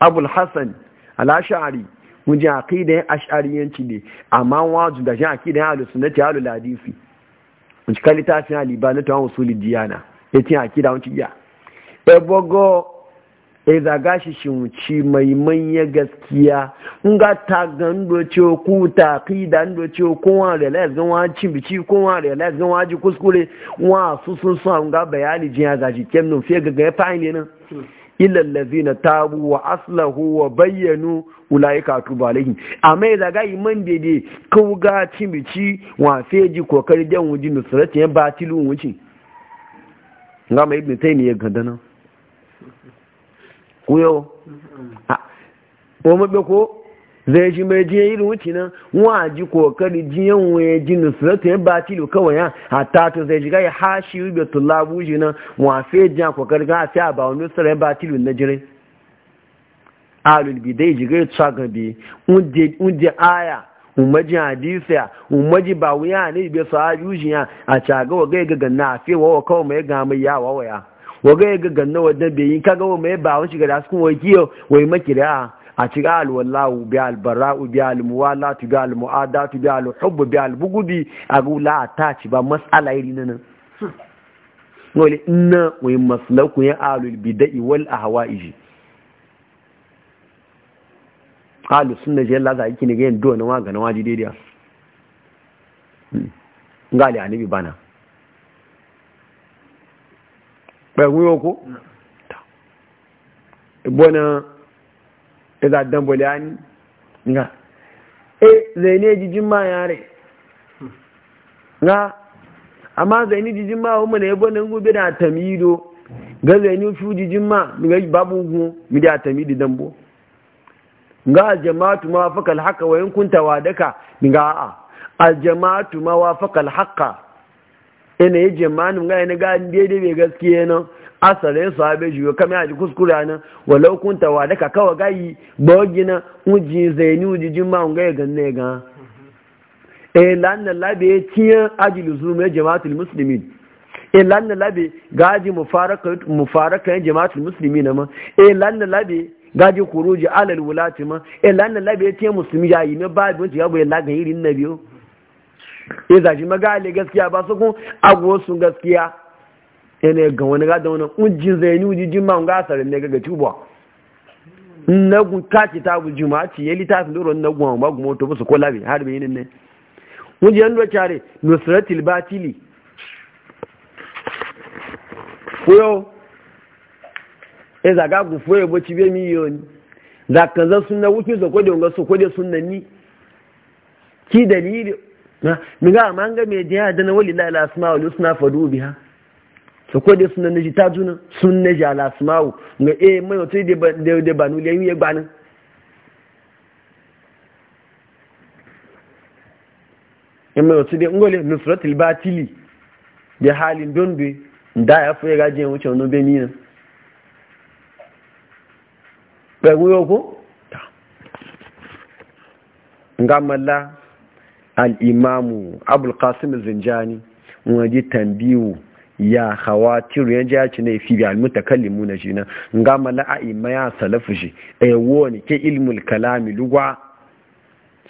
Speaker 1: abul hasan al-ash'ari wuje aqida ya ash'ariyanci ne amma waju da jan aqida ya al-sunnati al-hadisi wuje ka littafi na libanatu an usul diyana yace aqida wuce ya ebogo sai zaga shi shimci mai manya gaskiya in ga ta gando ce ku ta ki da ndo ce ko wa relax gan wa cin bici ko wa relax gan wa ji kuskure wa su sun so an ga bayani jiya ga ji kem no fiye ga ga fa ne nan illa allazina tabu wa aslahu wa bayyanu ulaika tubu alaihim amma e zaga iman dede ko ga cin bici wa fiye ji kokari dan wuji nusratin ya batilun wuci ngama ibn taymiya gadana kuyo mm-hmm. ah. o mabe ko zai ji mai jiya irin wuce na wa ji kokari jiyan waye ji nusratu ya batilu kawai ya hatta to zai ji ha na bi ji nan wa fe jiya kokari ga ba wani na jire alul bidai ji gai tsaga bi aya umaji hadisiya umaji ba wuya ne bi a ga fe ga waga ya gagan na wadda bai yi kaga wa mai ba wani shiga da su wai kiyo wai makira a cika alwallahu bi albara'u bi almuwalatu bi almu'adatu bi alhubbu bi albugubi a gula ta ci ba matsala iri nan wani ina wai maslaku ya alul a hawa ahwa'iji alu sunna je Allah za ki ne ga yin do na wa na waji daidai hmm. ngali anibi bana ɓangu yau ko? bona iza dan bolani nga e zaine jijin ma yare nga amma zaine jijin ma wani na yabo na gobe da tamido ga zaine fi jijin ma ga babu gu mi da tamidi dambo nga jama'atu ma faka alhaka wa in kunta daka. nga a aljama'atu ma faka alhaka. ina yi jimanin gani na gani daidai mai gaskiya nan asalin sahabe jiyo kame a ji kuskura nan wala hukunta wa daga kawa gayi bawaji na uji zaini uji jima ga ya ganna ga eh lanna labe ya tiyan ajilu zuru mai jama'atul muslimin eh na labe gaji mufaraka yin ya musulmi na ma eh na labe gaji kuruji alal wulati ma eh lanna labe ya tiyan musulmi ya yi na babu wanda ya bai laga irin na biyo ya zaji magali gaskiya ba su kun agwo sun gaskiya yana ga wani gada wani ujin zaini ujijin ma ga asarin ne ga tubuwa nagun kaci ta guji ma ci yali ta sun na guwa ma gumo to su ko labi har bai yinin ne ujin yan docha re nusratil batili fuyo e zaga gu fuyo bo ci be mi yoni zakan zan sunna wuki zo ko de nga so ko sunna ni ki dalili mi ga ma ga me jiya da na wali la ila asma wal husna fadu biha so ko de sunan ji tajuna sunne ji ala asma ga e mai wato de de eh, de banu le yi gbanu e mai wato de ngole nusratul batili da halin donbe da ya fi gaji ya wuce wani beni nan yau ko? ta Nga malla al'imamu abulkasim zinjani wani tambiyu ya hawa tiru ya ji na ifi biya almutakallimu na shi na nga mala'a ma ya salafu shi ewo ne ke ilmul kalami lugwa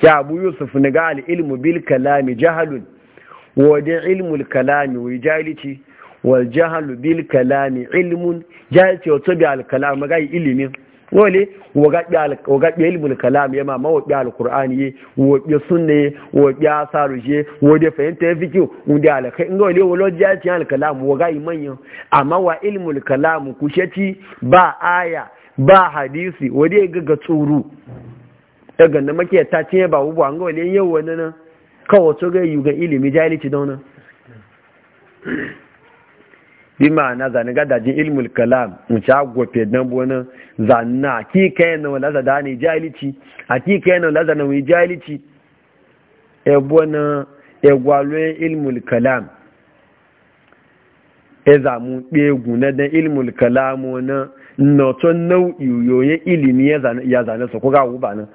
Speaker 1: ki abu yusuf na ga ilmu bil kalami jahalun wadda ilmul kalami wai jahilici wal jahalu bil kalami ilmun jahilci wato biya al kalami ga ilimin wale wagaɓe ilmul kalam ya mama waɓe alkur'ani ye waɓe sunna ye waɓe asaru ye waɗe fahimta ya fi kyau wunde alakai inga wale wale jiya ci alkalam waga yi manyan amma wa ilmul kalam ku shaci ba aya ba hadisi wade ga ga tsoro daga na makiya ta ce ba wubu an ga wale yau wani nan kawato ga yi ga ilimi jahilci dauna bi ma'ana zane gadajin ilmul kalam in ci agwafe don bonin zanna hakika na wala zada ne jahilici hakika na wala zada ne jahilici e bonin egwaloyin ilmul kalam e zamu ɗegu na dan ilmul kalamu na noton nau'i yoyin ilimi ya zane su ko ga ba nan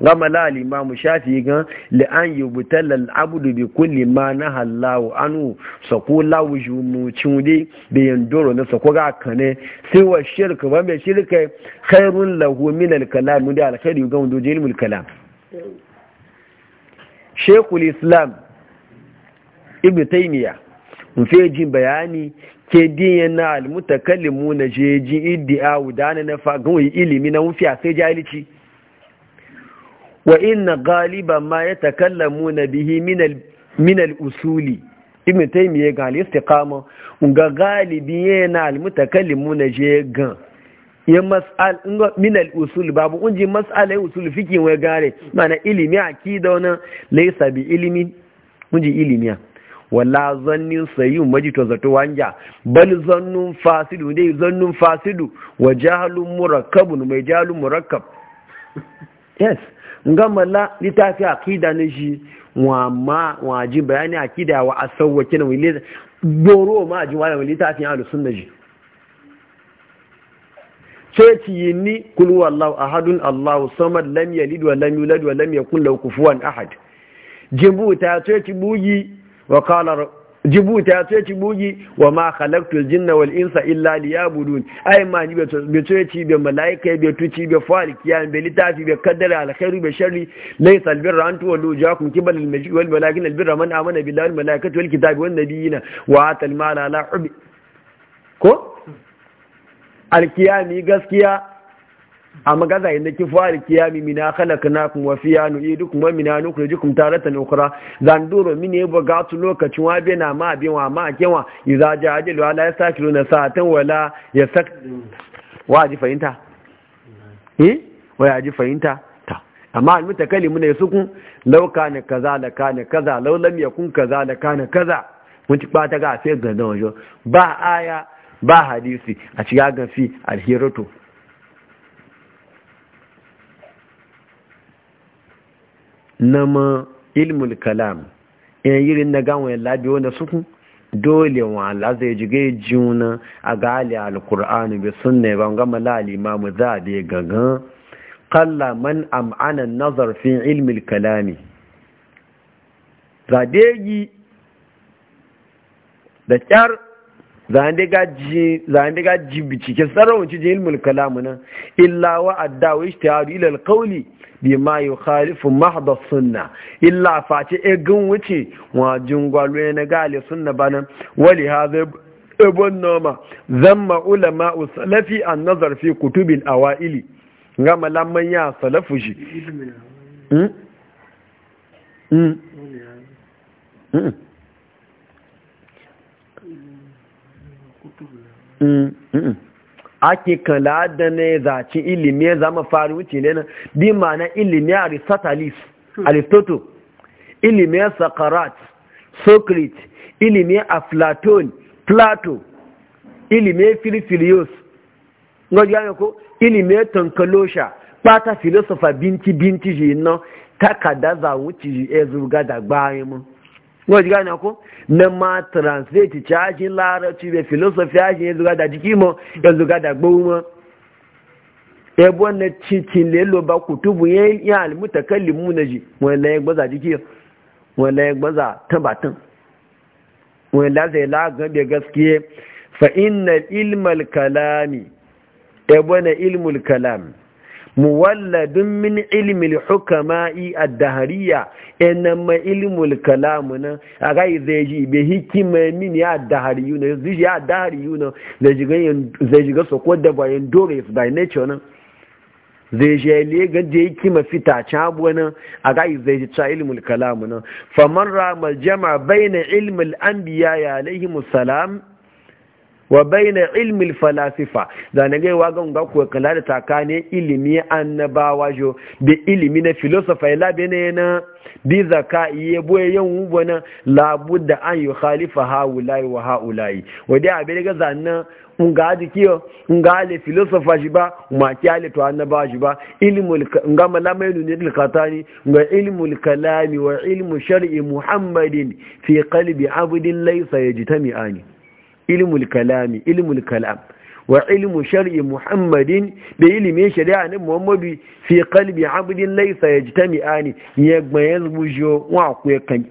Speaker 1: gama la al shafi gan li an yubtala al-abdu bi kulli ma halawu anu sako lawu jumu chunde da doro na sako ga kane sai wa shirka ba mai shirka khairun lahu min al mu da al-khairu ga wando ilmul kalam shekul islam ibn taymiya mun fi jin bayani ke diyan na al-mutakallimu na jeji iddia udana na fa gan ilimi na mun fi sai jalici wa inna galiban ma ya takallamu na bihi minal usuli ibn taimiyya ga al kama, ga galibi yana al-mutakallimu na je gan ya mas'al minal usul babu unji mas'ala ya usuli fiki wai gare mana ilimi akida wannan laysa bi ilimi unji ilimiya wala zannin sayyun majito zato wanja bal zannun fasidu dai zannun fasidu wa jahlun murakkabun mai jahlun murakkab yes gama la littafi akida na shi wa ma wa ji bayani akida wa asawwa kina wile goro ma ji wa littafin ahlus sunna ji ceci yini kul wallahu ahadun allahu samad lam yalid wa lam yulad wa lam yakul lahu kufuwan ahad jimbuta ceci buyi wa qala jibuta ya ce ci bugi wa ma halaktul jinna wal insa illa liyabudun ai ma ni be tsoye ci be malaika be tuci be fa'al ya be litafi be kaddara alkhairu be sharri laysa albirra an tuwallu wujuhakum qibala almajid wal walakin albirra man amana billahi wal malaikati wal kitabi wan nabiyina wa atal mala ala hubi ko alkiyami gaskiya amma gaza inda ki fara kiyami mina khalaqnakum wa fiha nu'idukum wa mina nukhrijukum taratan ukhra duro mini ya buga tu lokacin wa bena ma bin wa ma kewa idza ja'alu ala na sa'atan wala yasak waji fahimta hmm. eh waji fahimta ta amma al mutakallimu ne su kun law kana kaza la kana kaza law lam yakun kaza la kana kaza mun ci ba ta ga sai ga dawo ba aya ba hadisi a cikin gafi alhiratu na ma ilmul kalam in yirin na gawon labi wanda suku dole wa Allah zai jige juna a gali alkur'ani bi sunna ban gama lali a zabe gaga qalla man am'ana nazar fi ilmul kalami zadegi da kyar zande daga ji bici ke cikin ilmul kalamuna illawa illa wa adda wa ijtihadu ma yi khalifu mahda sunna illa face egin wuce wajin gwalo na gali sunna bana wali ha zai ibon noma ma'ula ma'u salafi an nazar fi kutubin wa'ili ga malaman ya salafu shi Mm-mm. Hmm? Hmm? Hmm? ake kala da ne zaci ilimi ya zama faru wuce ne na bi na ilimi aristotelis hmm. aristotle ilimi ya sakarat socrates ilimi a platon plato ilimi ya filifilios ngoji ya ko ilimi ya tankalosha bata filosofa binti binti ji takada za wuce ji ya zurga da mu wọ́n ti gane ko na ma translate caji larabci da philosophy ajin ya zuga da jiki mo ya zuga da gbowu mo ebo na cikin lelo ba kutubu ya yi alimuta kallimu na ji wani laye gbaza jiki wani laye gbaza tabbatan wani la zai lagan da gaskiye fa inna ilmal kalami ebo na ilmul kalami muwalladun min ilmil hukama'i ad-dahariya ina ma ilmul kalam na aga zai ji be hikima min ya ad-dahariyu na zai ya ad-dahariyu zai ji gan zai ji ga soko da bayan dole by nature na zai je le ga je hikima fita chabu na aga zai ji ta ilmul kalam na faman ramal jama' bayna ilmil anbiya alayhi salam wa bayna ilmi falasifa da na gaiwa ga ga ku kala da takane ilimi annabawa jo da ilimi na filosofa ila bene na bi zaka iye boye yan ubona labudda an yu khalifa haulai wa haulai wadi abin ga zanna nga dikiyo nga ale filosofa jiba ma ki ale to annabawa jiba ba ilmul nga malamai ne dil katani nga ilmul kalami wa ilmu shar'i muhammadin fi qalbi abdin laysa yajtami'ani ilmu kalami ilmu kalam wa ilmu shar'i muhammadin da ilimin shari'a ne muhammadu fi qalbi abdin laysa yajtami'ani ya gbaye zubujo wa ku kan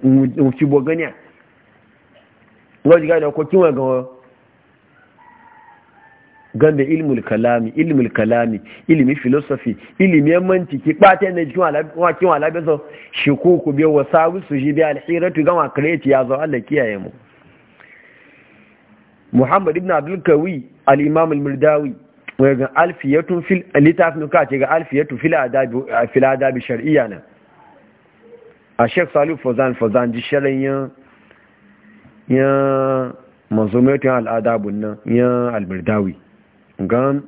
Speaker 1: ci boganiya wajen da ko wa ga ganda ilmu kalami ilmu kalami ilmi philosophy ilmi mantiki pate ne ji wa kin wa labe so shi ko ku biyo wasabu su ji bi alhiratu ga wa create ya zo Allah kiyaye mu muhammad ibn abdulkawi al'imam al-murdawi wani ga alfiyatun fil littafin ka ce ga alfiyatun fil adabi shari'a na a sheikh salu fozan fozan ji shirin ya manzumetun al'adabun nan ya al-murdawi gan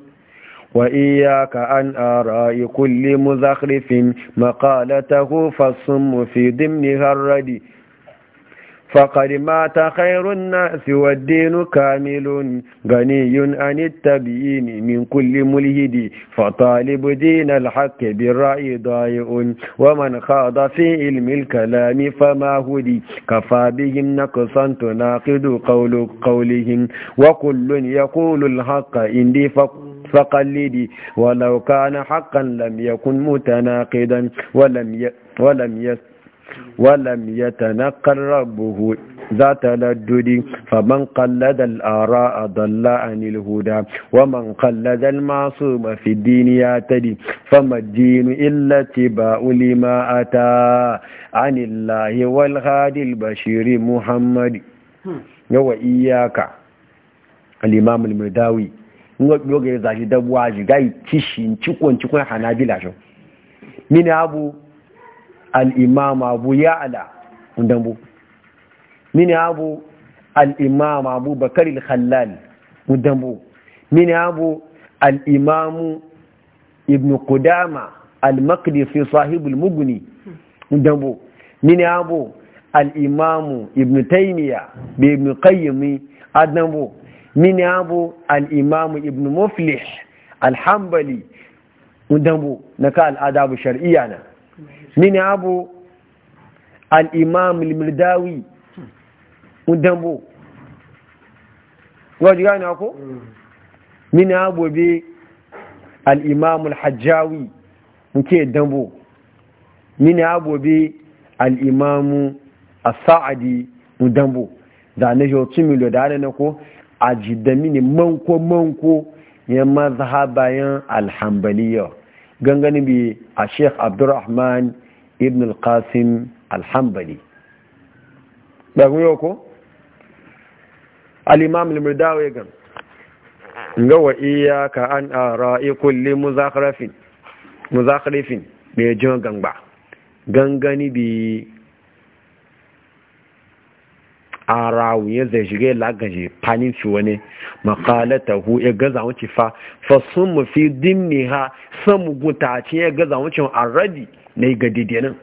Speaker 1: وإياك أن أراء كل مزخرف مقالته فالصم في ضمنها الردي فقد مات خير الناس والدين كامل غني عن التبيين من كل ملهد فطالب دين الحق بالرأي ضائع ومن خاض في علم الكلام فما هدي كفى بهم نقصا تناقض قول قولهم وكل يقول الحق عندي فقل فقلدي ولو كان حقا لم يكن متناقضا ولم ي... ولم يس ولم يتنقل ربه ذات لدد فمن قلد الآراء ضل عن الهدى ومن قلد المعصوم في الدين يعتدي فما الدين إلا اتباع لما أتى عن الله والهادي البشير محمد إياك الإمام المداوي yoga ya zashi dabuwa shiga yi kishin cikon cikon hanabila shi mini abu al'imam abu ya'ala dambu mini abu al'imam abu Bakaril al-khallal mini abu al'imam ibn kudama al-maqdisi sahibul muguni dambu mini abu al'imamu ibn taimiya da ibn qayyimi adnambo mini abu al'imamu ibn muflih alhambali dambu na ka al'adabu shar'iyya na nini abu al'imam al-mirdawi udambo wajen gani ako? nini abu bi al'imam al-hajjawi nke dambo nini abu bi al'imamu al-sa'adi udambo da na otu milo da ana nako a jidamini manko-manko ya mazhabayan alhambaliyar gangani bi a sheikh abdurrahman ibn al-qasim al-hanbali dagun yau ko al-imam al-murdawi gan ga wa iyyaka an ara'i kulli muzakharafin muzakharifin bai jin gangba gangani bi arawu ya zai shiga lagaje panin ci wani makalata hu ya e gaza wuce fa fa sun fi dimni ha san mugunta ya e gaza wuce arradi na yi gadidiyar nan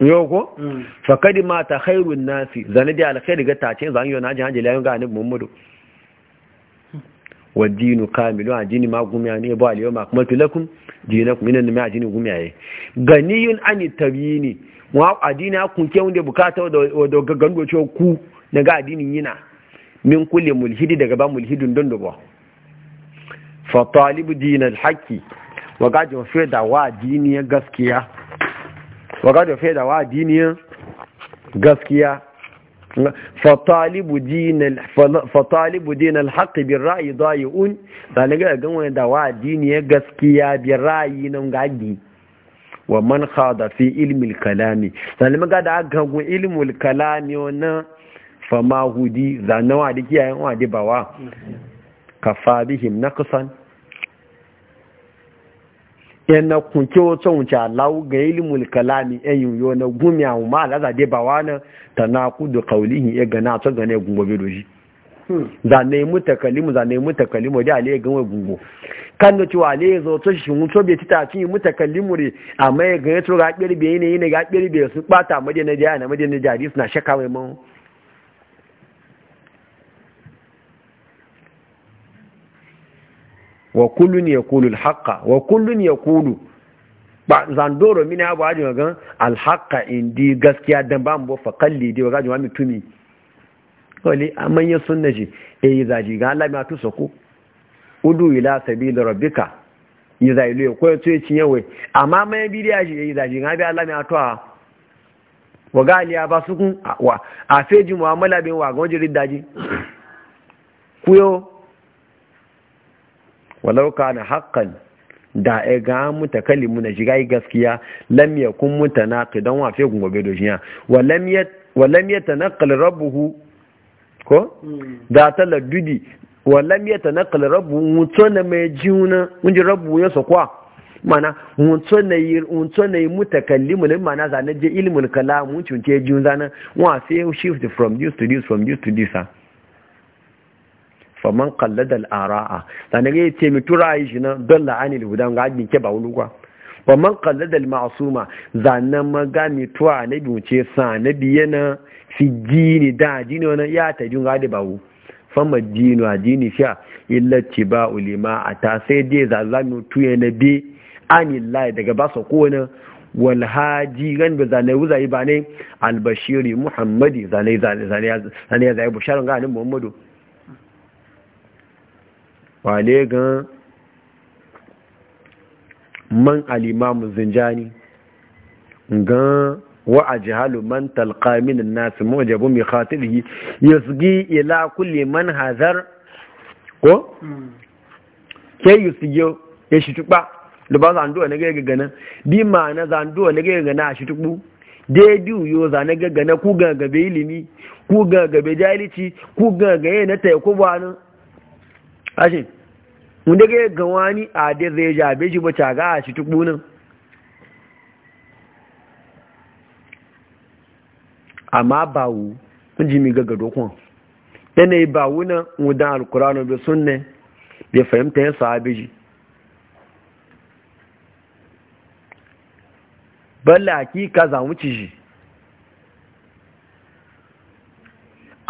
Speaker 1: yau ko mm. fakadi mata hairun nasi zane da alkhairu ga tace zan yi na jin hajji layon ga annabi muhammadu wadinu kamilu a jini magumiya ne ba aliyu ma kuma tulakun jinakum minan nume a jini gumiyaye yin ani ni, wa adini akun ke wanda bukata da gandocewa ku na ga adinin yina. min kulle mulhidi daga ba mulhidin don dubo fa talibu dinal haqqi wa gaji fa da wa diniyar gaskiya wa gaji fa da wa diniyar gaskiya fa talibu dinal fa talibu dinal haqqi un. ra'yi dayi'un dalaga ga wani da wa diniyar gaskiya bi ra'yi nan gadi wa man khada fi ilmi al-kalami da ga da ga ilmi al-kalami wannan fama hudi zanawa da kiyayen wadi bawa ka fabihim na kusan yan na kunke wata wuce Allah ga ilmul kalami yan yiwu na gumi a ma alaza ba bawa na ta na kudu kaulihin ya gana ta gane gungo bai doji hmm. zane mu kalimu zane mu kalimu da ale ganwe gungo kan da cewa ale zo to shi mun so be tita ci mu kalimu re amma ya gane to ga kirbe ne ne ga kirbe su bata madina da na madina da hadis na shaka mai mun wa kullun yaqulu al-haqqa wa kullun yaqulu ba zandoro mini abu ajin ga al-haqqa indi gaskiya dan ba mu fa kalli di ga jama'a mutumi wali amman ya sunna ji eh zaji ga Allah ma tuso ku udu ila sabil rabbika yiza ilu ko to e yi yawe amma mai bidiya ji yi zaji ga bi Allah ma to wa ga aliya ba su kun wa a feji mu'amala bin wa ga wajen daji kuyo walau kana haƙƙan da ya e ga kalimu na shiga gaskiya lam yakun mutanaqidan wa fi gobe do ya? wa lamya ta wa lam yatanaqqal rabbuhu ko hmm. da taladdudi wa lam yatanaqqal rabbuhu na mai jiuna unji rabu ya sokwa mana mutso na yi mutso na yi mutakallimu ne mana zane je ilimin kalamu mutun je jiun shift from this to this from this to this ha faman qallada al-ara'a dan ga yace mi turayi shi nan dalla anil hudan ga ajin ke ba wulu kwa faman qallada al-ma'suma zannan maga mi tuwa bi wuce sa yana fi jini da jini wannan ya ta jin ga da wu fama jini a jini sha illa tiba ulima ata sai dai tuya tuye nabi anillahi daga ba sa kowane walhaji gan ba zane wuzayi ba ne albashiri muhammadi zane zane zane ya zai ga ganin muhammadu wale gan man alimamu zinjani gan wa a jihalu man talqa min an jabu mai bi ya yusgi ila kulle man hazar ko ke yusgiyo ya shituba luba zanduwa na gaya gagana bi ma na zanduwa na gaya gagana a shitubu za yo zane gagana ku gagabe ilimi ku gagabe jahilci ku gagaye na taiko ba ashe mun daga ga wani a zai jabe shi ba caga a shi tukunan amma bawu kun ji mi gaggado kun yanayi bawu na wudan alkurano da ne da fahimta yin sahabi ji balla hakika za zamuci shi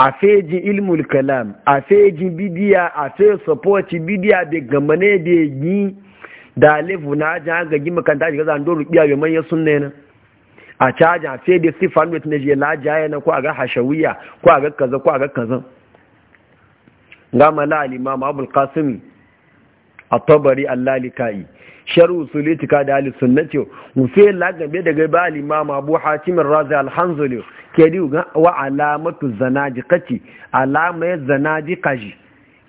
Speaker 1: a feji ilmul kalam a feji bidiya a fe support bidiya da gamane da yi da alifu na ajin an gi makanta shiga zan doro biya bai manyan sunne na a caji a fe da sifan wet na je lajaya na ko a ga hashawiya ko a ga kaza ko a ga kaza ga mala al-imam abul qasim a tabari Allah lalikai sharu usulitika da alisunnatiyo mu fe lagabe daga ba al-imam abu hatim razi al ke di ga wa alamatu kaci alama ya kaji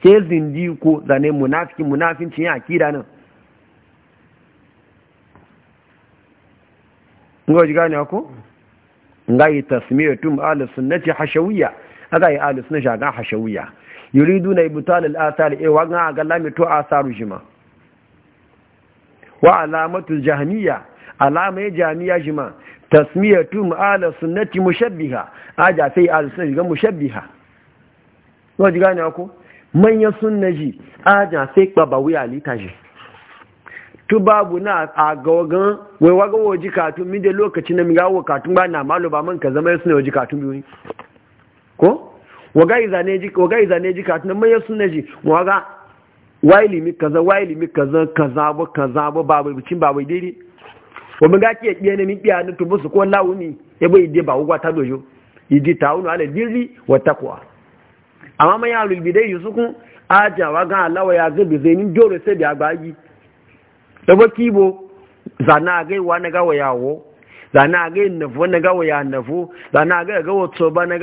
Speaker 1: ke zindi ko zane munafiki munafincin ya kira nan ngo ji gane ko ngai tasmiyatum ala sunnati hashawiyya aga yi ala sunnati aga hashawiyya yuriduna ibtal al athar e wa ga ga lami asaru jima wa alamatu jahmiya alama ya jamiya jima tasmiyatu ala sunnati mushabbiha aja sai ala sunnati ga mushabbiha ko ji gane ko manya sunnaji aja sai ba wuya litaji tu babu na a gawagan wai waga waji katun mi da lokaci na mi gawo katun ba na malo ba man ka zama yasu ne waji katun biyu ko waga izane ji waga izane ji katun manya sunnaji waga waili mi kaza waili mi kaza kaza ba kaza ba babu cin babu daidai wa mun ga ke biye ne mi biya ni tubu su ko lawuni e bai de ba ugwa ta dojo idi ta'awunu ala birri àwọn ọmọ amma man ya'lul bidai yusukun aja wa ga alawa ya zubi zai sai da ba kibo zana ga wa na ga wayawo zana ga nafu na nafu zana na ga zana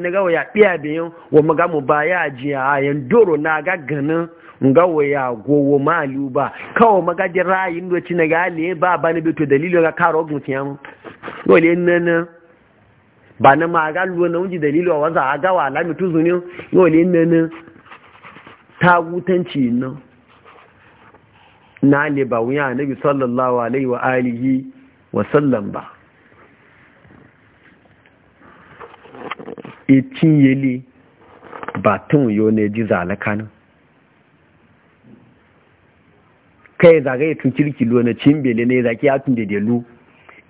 Speaker 1: na wa mu ga mu a ngawo ya gowo malu ba kawo magaji ra'ayin doci ga gale ba ba ne beto dalilo ga karo gun tiyan le nan ba na ma ga luwa na unji dalilo wa za a gawa alami tuzu ne wale nan tagutanci nan na le ba wuya nabi sallallahu alaihi wa alihi wa sallam ba e itin yeli ba tun yo ne ji zalakanin kai zagaye tun kirki lo na cimbele ne zaki ya tun dede lu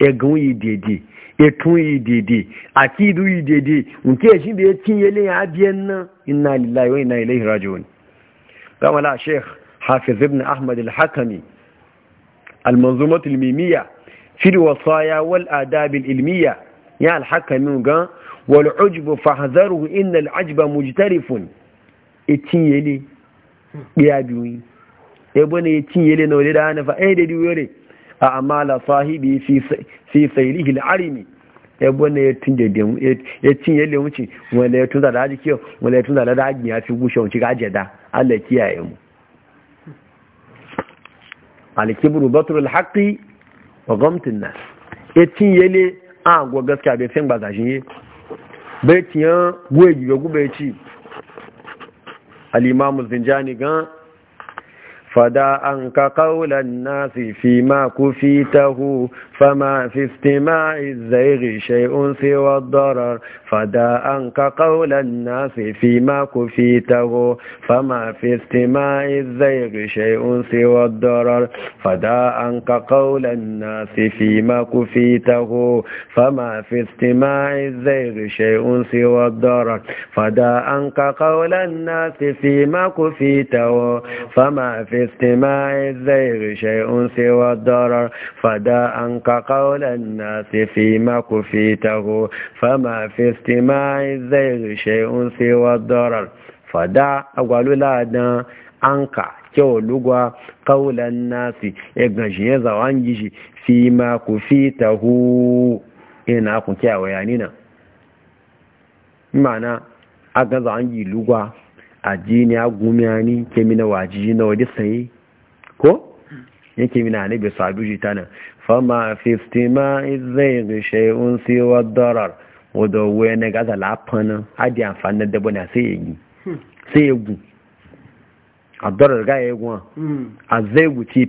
Speaker 1: egun yi dede etun yi dede akidu yi dede nke shi da ya cin le ya biyan nan inna lillahi wa inna ilaihi raji'un kama la sheikh hafiz ibn ahmad al-hakami al-manzumat al-mimiyya fi al-wasaya wal adab al-ilmiyya ya al-hakami ga wal ujbu fahzaruhu inna al-ajba mujtarifun itinye e le biya hmm. biyu ebo ne cinye le na wale da hana fa eh da diwore a amala sahibi fi sayrihi al-arimi ebo ne tinje dem ya cinye le wuce wala ya tunza da haji kiyo wala ya tunza da haji ya fi gushe wuce gaje da Allah kiyaye mu al-kibru batru al-haqqi wa ghamtu an-nas ya cinye le a go gaskiya bai san ba zashin ye bai tiyan goyi ga gube ci al-imam zinjani gan فدا أنك قول الناس فيما كفيته فما في استماع الزيغ شيء سوى الضرر فدا أنك قول الناس فيما كفيته فما في استماع الزيغ شيء سوى الضرر فدا أنك قول الناس فيما كفيته فما في استماع الزيغ شيء سوى الضرر فدا أنك قول الناس فيما كفيته فما في استماع الزيغ شيء سوى الضرر فدا عنك قول الناس فيما كفيته فما في استماع الزيغ شيء سوى الضرر فدا أقول لا anka kyau lugwa kaulan nasi ya ganshi ya zawon gishi fi ma ku fi tahu ina ku kyawa yanina mana gi lugwa ajini ni kemina wajiji na wadi sai ko yake mina ne bai sabu ji ta nan fama fistima zai darar wadda na gaza adi amfani na dabo na sai yi hmm. sai a darar ga hmm. a zai wuce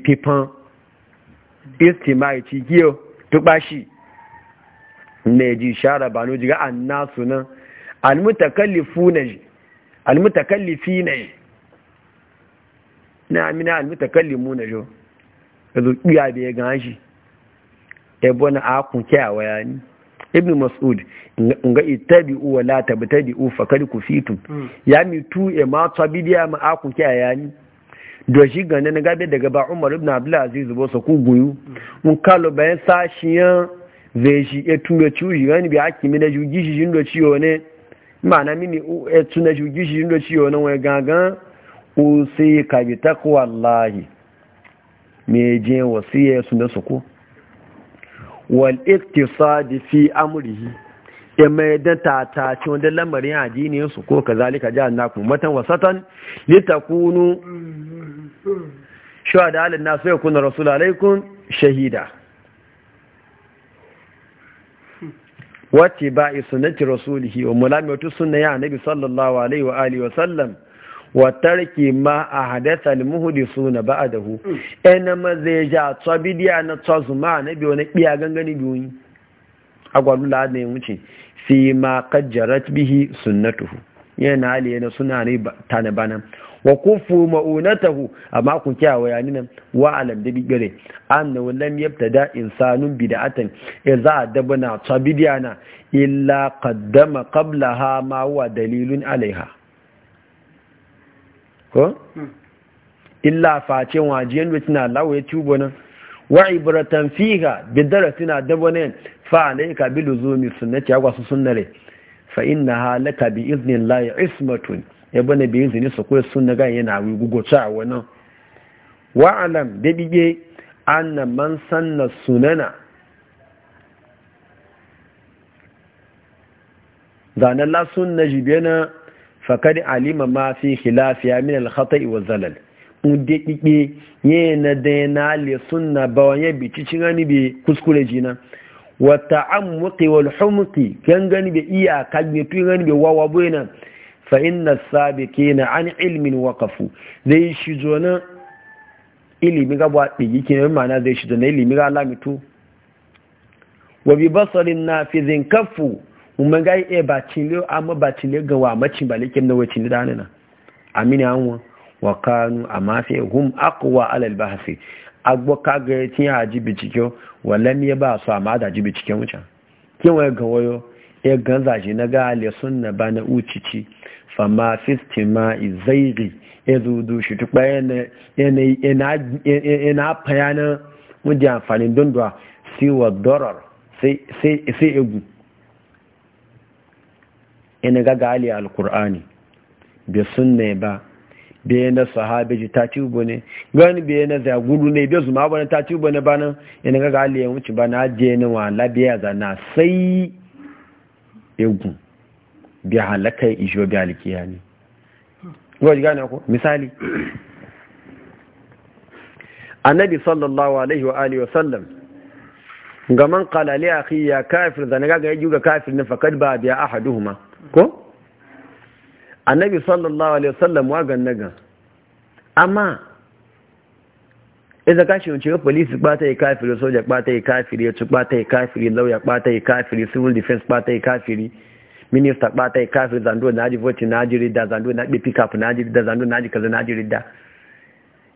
Speaker 1: istima ci giyo tubashi ne ji shara banu jiga an nasu nan al mutakallifu na ji almutakallifi ne na amina almutakallimu na jo yanzu tsiya da ya gan shi ebo na akun kyawa ya ni ibn mas'ud nga ittabi'u wa la tabtadi'u fakad kufitum ya mi tu e ma tabidiya ma akun kyawa ya ni do shi gane na gabe daga ba Umar ibn Abdul Aziz bo so ku guyu mun kalo bayan sashiyan zai shi etu ga ciwo shi gani bi hakimi na jugi shi jin ne ma'ana mini e, tuna shugi shi da ciwo nan gaga gangan usai ka bi takwa Allahi me je wasiya su da suku wal iktisadi fi amrihi ya mai ta tata ci wanda lamarin addini su ko kazalika ja'alnakum matan wasatan litakunu mm-hmm. shuhada ala nas wa rasul alaikum shahida wacce ba a sunnati rasulihi wa mulamiyatu sunna ya nabi sallallahu alaihi wa alihi wa sallam wa tarki ma a hadatha al-muhdithuna ba'dahu ina ma zai ja tsabidiya na tsazuma nabi wani biya gangani biyu gwalu da ya wuce fi ma qajjarat bihi sunnatuhu yana ali yana suna ne bana. wa kufu ma'unatahu amma ku kyawa yani nan wa alam da bigire annahu lam yabtada insanun bid'atan idza adabna tabidiana illa qaddama qablaha ma huwa dalilun alaiha ko illa face wajiyan da tana lawaye tubo nan wa ibratan fiha bidarasina dabanen fa alayka biluzumi sunnati agwa su sunnare fa innaha laka bi idnillahi ismatun ya bane biyin zini su kuwa sun naga yana wi gugoce a wannan alam da bige anna man sanna sunana zanen la sunna jibena fakari alima ma fi ya min khata wa zalal ude kike ye na de na le sunna ba wanye bici cingani bi kuskure jina wa ta'ammuqi wal humqi kan gani bi iya kan tu gani bi wawa buina fa inna na an ilmin wakafu. zai shi na ilimi gaba ba digi kenan mana zai shi na ilimi ga lamitu wa bi fi zin kafu umar ga e ba cinle amma ba cinle ga wa macin balikin na wacin da hannuna amini wọn wa kanu amma sai hum aqwa ba albahsi agbo kagare a jibi bicike wa ya ba su amma da jibi bicike wucin kin waya ga wayo ya ganza shi na ga ale na ba na ucici fama ma izairi ya zuzu shi tukpa yana fayanin wajen amfanin dunduwa siwa dorar sai egu ina gaga ali alkur'ani bai sunne ba bai na sahabe ji tati ubo ne gani bai na zaguru ne bi zuma abu na tati ubo ne ba nan ina gaga ali ya wuce ba na ajiye ni wa labiya zana sai egun bi halaka ijo bi alkiya ne gwaji gane ku misali annabi sallallahu alaihi wa alihi wa sallam ga man qala li akhi ya kafir da naga ga yaji ga kafir ne fakad ba bi ahaduhuma ko annabi sallallahu alaihi wa sallam wa ga naga amma idan ka shi wuce polisi bata yi kafiri soja bata yi kafiri ya ci bata yi kafiri lauya bata yi kafiri civil defense bata yi kafiri minista bata yi kafin zando na ji voci na ji rida zando na ɓe pickup na ji rida zando na ji kaza na ji rida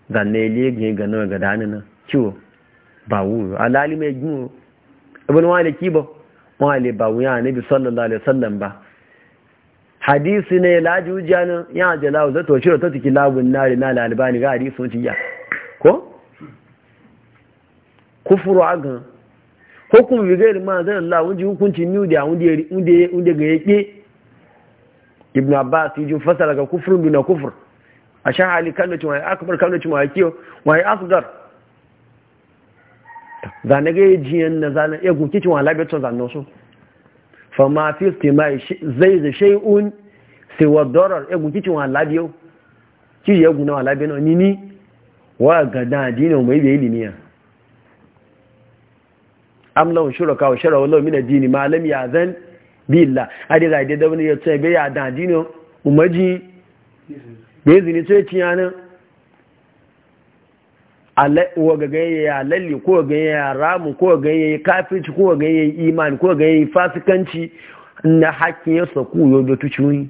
Speaker 1: zanne lege ga nawa ga dani na ciwo ba wuyo alali mai gino ibn wale kibo wale ba wuya annabi sallallahu alaihi wasallam ba hadisi ne laji hujja ne ya jalawu zato shiro ta tiki labun nari na lalibani ga hadisi sun ci ya ko kufuru agan hukum bi gairi ma zan Allah wunji hukunci ni da wunde wunde wunde ga yake ibn abbas yi fasara ga kufrun duna kufur a sha hali kan da wai akbar kan da cewa kiyo wai asgar zane ga jiyan na zane ya guki cewa labeto zanno so fa ma fi istimai zai da shay'un siwa darar ya guki cewa labiyo ki ya guna labiyo ni ni wa ga da dinin mai da ilimiya am lahum shuraka wa sharaw lahum min ad malam ya zan billa billah hadi ga da wani ya ce bai da dino umaji bai zini ce tiyana wa ganye ya lalli ko ga ya ramu ko ga ya kafirci ko ga ya imani ko ga ya fasikanci na hakkin ya ku yau da tuci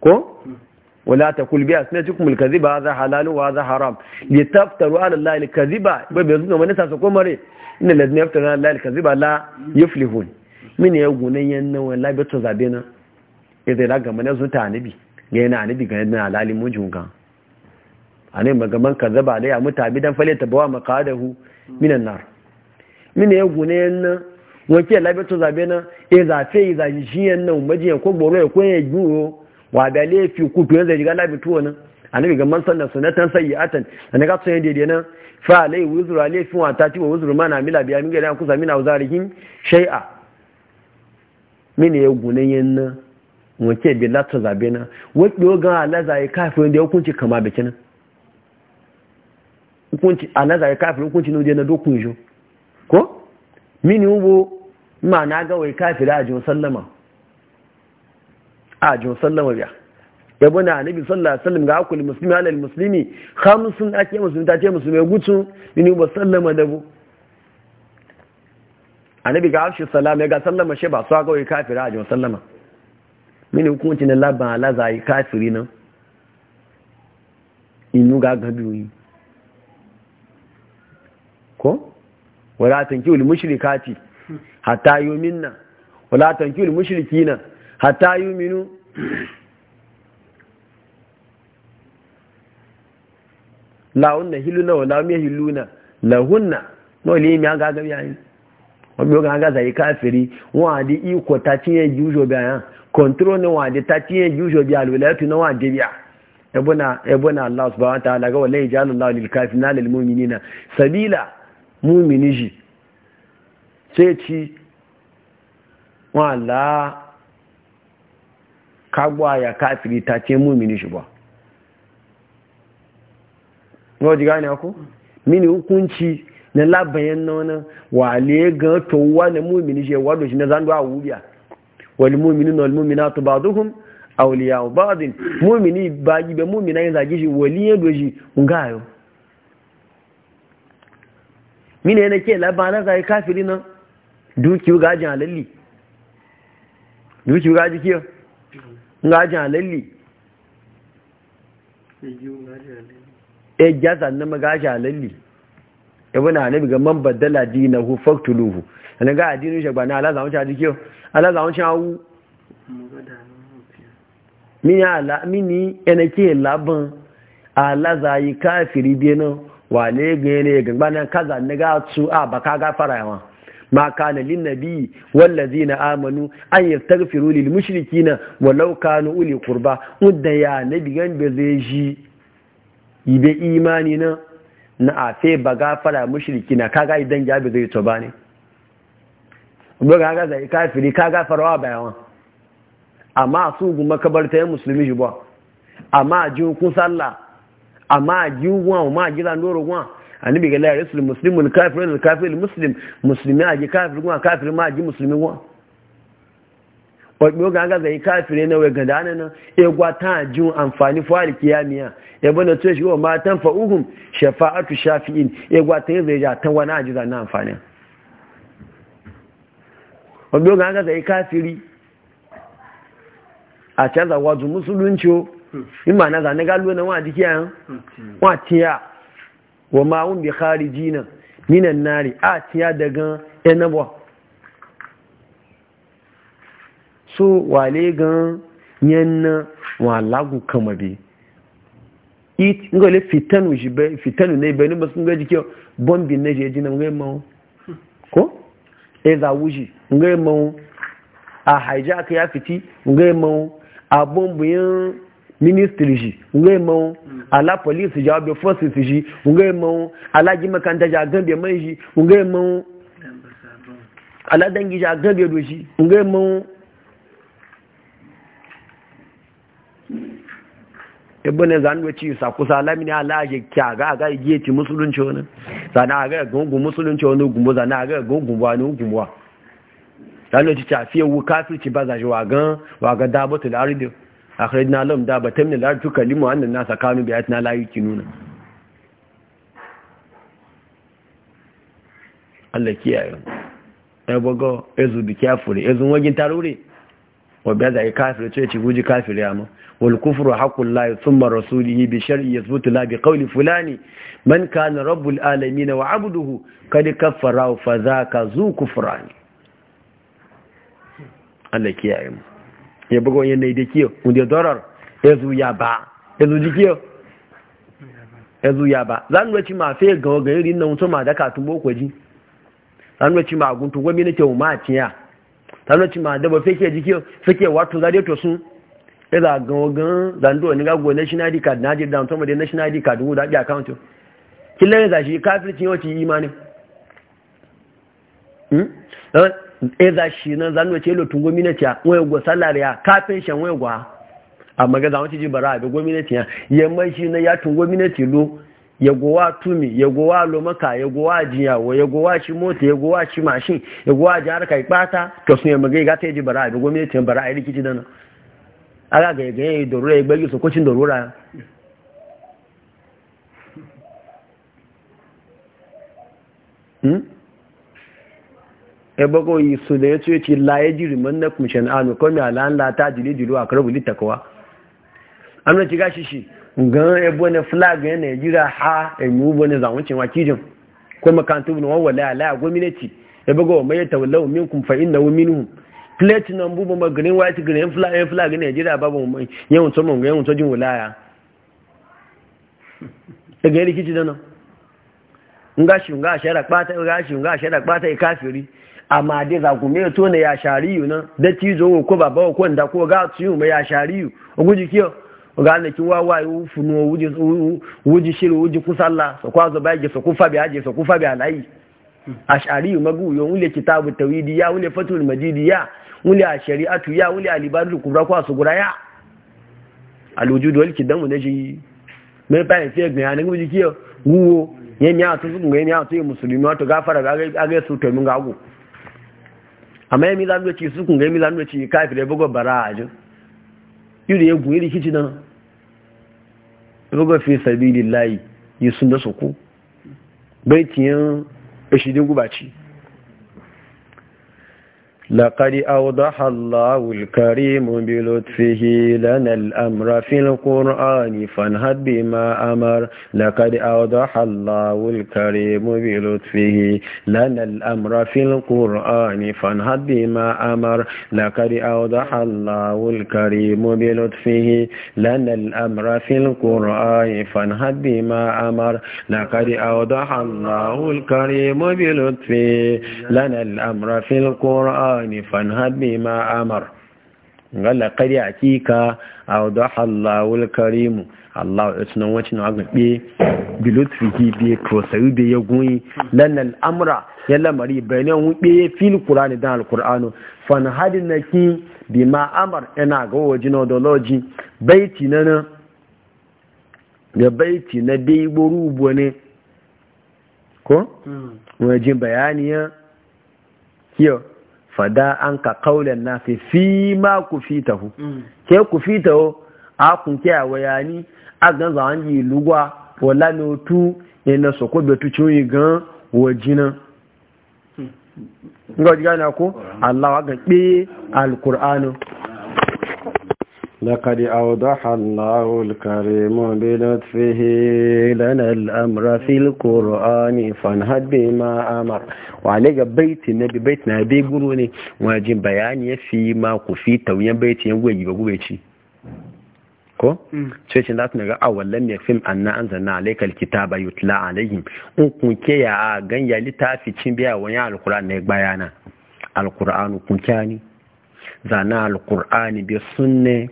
Speaker 1: ko ولا تقول بأسنتكم الكذب هذا حلال وهذا حرام لتفتروا على الله الكذب بيزنوا من نساس كمري إن الذين يفترون على الله الكذب لا يفلحون من يقولون ينن ولا بتزابينا إذا لا كمان زوت عنبي yana anabi ga yadda alalin mujin ga a ne magaman ka zaba alai a mutabi don fale ta bawa makadahu minan nar mina ya gune yana wakil labe to zabe na e zafe yi zaji shi ya kogboro ya kwaye guro wa da laifi ku to yanzu riga labi tuwa nan annabi ga man sanna sunatan sayyi'atan an ga sun daidai nan fa alai wuzru alai wa tati wa wuzru mana mila biya min ga kusa mina uzarihin shay'a min ya gunayen nan ce bi latu zabena wa do ga alaza ya kafin da kunci kama bikin kunci alaza ya kafin kunci ne na do jo ko min hubo ma na ga wai kafi a ajin sallama a jin sallama biya ya bane annabi sallallahu alaihi wasallam ga akul muslimi alal muslimi khamsun ake musulmi ta ce musulmi gutu ni ba sallama da bu annabi ga afshi salama ya ga sallama shi ba su ga kafira a jin sallama mini hukunci na laban alaza yi kafiri nan inu ga gabi ko wala tankiwul mushrikati hatta yuminna wala tankiwul mushrikina hatta yuminu la'unna hiluna wa la'um yahiluna lahunna no le mi aga ga yayin obi ga aga zai kafiri wa di iko ta tiye jujo biya control ne wa di ta tiye jujo biya lula tu na wa di biya ebuna ebuna allah subhanahu wa ta'ala ga wallahi ja'ala allah lil kafirina lil mu'minina sabila mu'mini ji sai ci wa la kagwa ya kafiri ta ce mini shi ba yau ji gane ku mini hukunci na labayan na wani wale ga towa na mini shi wadda shi na zandu a wubiya wani mini na mini na ba duhun auliya ba din mini ba gibe mumina yin zage shi wali ya doji ngayo mini yana ke labaran zai kafiri na dukiyu gajin alalli dukiyu gajin kiyar ngajan lalli e jaza na magaja lalli ibn e anabi ga man badala dinahu faqtuluhu ana ga adinu shagba na ala zawon cha dikiyo ala zawon cha wu min ya ala mini enake laban ala zai kafiri bi no wale ga ne ga kaza ne ga tu a baka ga fara yawa ma kana lin nabi wallazina amanu an yastaghfiru lil mushrikina walau kanu uli qurba udda ya nabi gan be zai ji ibe imani na na afe bagafara mushrikina kaga idan ya be zai toba ne ba ga zai kafiri kaga farawa bayan amma su guma kabarta yan musulmi shi ba amma ji kun sallah amma ji wa ma gida ndoro wa annabi ga la yasul muslimul kafirul kafirul muslim muslimi aji kafir kuma kafir ma aji muslimi wa wadda ga ga zai kafire na wai na. nan e ya gwata e jin amfani fari kiyamiya ya bana to shi wa matan fa'uhum shafa'atu shafi'in ya e gwata zai ja ta wani ajiza na amfani wadda ga ga zai kafiri a canza wazu musulunci hmm. in ma na zane galo na wa jikiya hmm. wa tiya wa ma'un bi na minan nari a tiya daga enabwa so wale gan yanna wa lagu kama bi it nga le fitanu jibe fitanu ne benu bas ngaji jike bombi ne je jina ngai mawo ko e za wuji ngai mawo a haija ka ya fiti ngai mawo a bombu yan ministry shi yi mawu ala police ji abu forces shi yi mawu ala ji makanta ja gambe man shi yi mawu ala dangi ja gambe do shi ngai mawo ibn zan wace sa kusa lamini ala je kya ga ga yi ti musulunci wani aga ga gungun musulunci wani gumbo aga ga gungun wani gumbo ci ci a fiye wu ci ba za shi wagan wagan dabatul aridiyo na lam da dabatan min la ard tukallimu anna an-nasa kanu bi ayatina la yukinuna Allah kiyaye ai bogo ezu bi kafire ezu wajin tarure wa bi da kafire to yace guji kafire amma wal kufru haqqul lahi thumma rasulihi bi shar'i yathbutu la bi qawli fulani man kana rabbul alamin wa 'abduhu kad kaffara fa dhaka zu kufrani Allah kiyaye mu ya bugo yin yanayi da kiyo wanda dorar ya zu ya ba ya zu jikiyo ya zu ya ba za nuna ci ma fiye ga wagayi rin nan mutum ma da tun boko ji za nuna ci ma guntun gwami nake kyau ma ciya za nuna ci ma da ba fake yau? fake wato zade to sun ya za ga wagan zando ni gago national id card na jirgin da mutum da national id card wuda ɗi account kin lai zashi yau ci imanin hmm? eh? eza shi nan zan wace lotun gwamnati ya waye go salari ya kafin shan waye gwa amma ga zamanci ji bara da gwamnati ya yamma shi na ya tun gwamnati lo ya gowa tumi ya gowa lomaka ya gowa jiyawa ya gowa shi mota ya gowa shi mashin ya gowa ji harka ipata to sun yamma ga ga ta ji bara da gwamnati bara ai rikici dana aga ga ga yi dorura ya gbagi so kocin dorura hmm ebogo yi su da ya ce la ya jiri man na kumshen anu kome alan la ta jiri jiru a karabu lita kawa an race gashi shi gan ebo na flag ya nigeria ha emi ubo na zamuncin wakijin ko makarantu bin wawa la laya gwamnati ebogo mai ya tawallau minkum fa inna wa minhum plate nan bubu ma green white green flag ya eh, flag na nigeria babu mai yawan to mun ga yawan to jin wilaya daga rikici dana nga shi nga shara kpata nga shi nga shara kpata ikafiri amma dai za ku mai tona ya shari'u nan da cizo ko baba ko da ko ga ciyo mai ya shari'u guji kiyo ga na ki wawa yu funo wuji wuji shiru wuji kusalla so kwa zo ji so kufa bi aje so kufa bi alai ashari'u magu yo ule kitabu tawhidi ya ule fatul majidi ya ule ya ule alibadul kubra kwa su gura ya alwujud wal kidamu naji mai bayan sai ga yanin wuji kiyo wuwo yemi a tun ga yemi a musulmi wato gafara ga ga su to mun ga amma yami zanuwa ce su kun ga yami zanuwa ce da ya buga bara a ajin yi da ya gunyi rikici nan buga fi sabi lillahi yi sun da su ku bai tiyan ashidin gubaci لقد أوضح الله الكريم بلطفه لنا الأمر في القرآن فانهد بما أمر لقد أوضح الله الكريم بلطفه لنا الأمر في القرآن فانهد بما أمر لقد أوضح الله الكريم بلطفه لنا الأمر في القرآن فانهد بما أمر لقد أوضح الله الكريم بلطفه لنا الأمر في القرآن ni fan hadmi ma amar ngala qari akika aw dha Allahu al-karim Allah itna wati no agbe bilutri gi bi ko sai bi yagun lan al-amra ya lamari bayne hu bi fil qur'an da al-qur'an fan hadna ki bi ma amar ina go wajin odology baiti nana ga baiti na bi boru bone ko wajin ya kiyo fada an ka kaulan na fi ma ku fitahu mm. ke ku tahu a kun ke a wayani a gan za an yi lugwa wala no tu ina e so mm. ko betu chuyi gan wajina ngo diga na ko Allah wa ga be لقد أوضح الله الكريم بلطفه لنا الأمر في القرآن فانهد بما أمر وعليك بيت النبي بيت نبي قلوني واجب بياني في ما كفي تويا بيت ينوي بيتي ko sai ce zasu ga awal lam yakfim anna anzalna alayka alkitaba yutla alayhim in kun ke ya gan ya litafi cin biya wani alquran ne bayana alquranu kun kyani zana alqurani bi sunne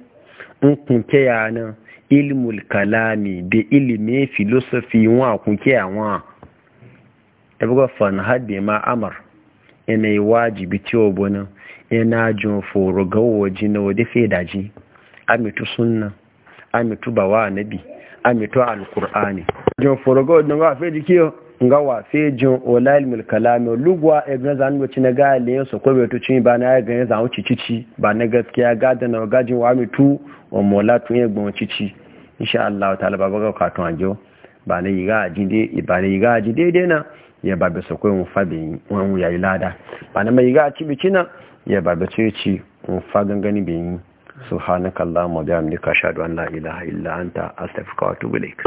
Speaker 1: in kunke na ilmul kalami da ilimin filosofi wa kunke yawa ya buga fan hadde ma amar ina yi wajibi cewa bonin ina jin foro gawo na wadda fai daji amitu sunna amitu bawa nabi amitu alkur'ani jin foro gawo na wa fai jikiyo nga wa fe jin olal mil kalami lugwa e ga zan wuce na ga le so ko beto cin ba na ga zan wuce cici ba na gaskiya ga da na ga wa mi ọmọ látún ẹgbọn títí insha Allah ta'ala baba ga katon ajo ba ne ba mai yiga cibicina ya babe ceci mu fa gangani bin subhanakallahumma wa ilaha illa anta astaghfiruka wa